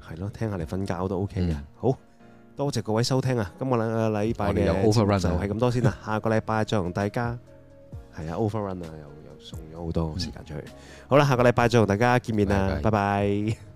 係咯，聽下你瞓覺都 OK 嘅，好。多謝各位收聽啊！今日兩個禮拜嘅就係咁多先啦，下個禮拜再同大家係啊，overrun 啊，又又送咗好多時間出去。嗯、好啦，下個禮拜再同大家見面啦，拜拜，謝謝。Bye bye。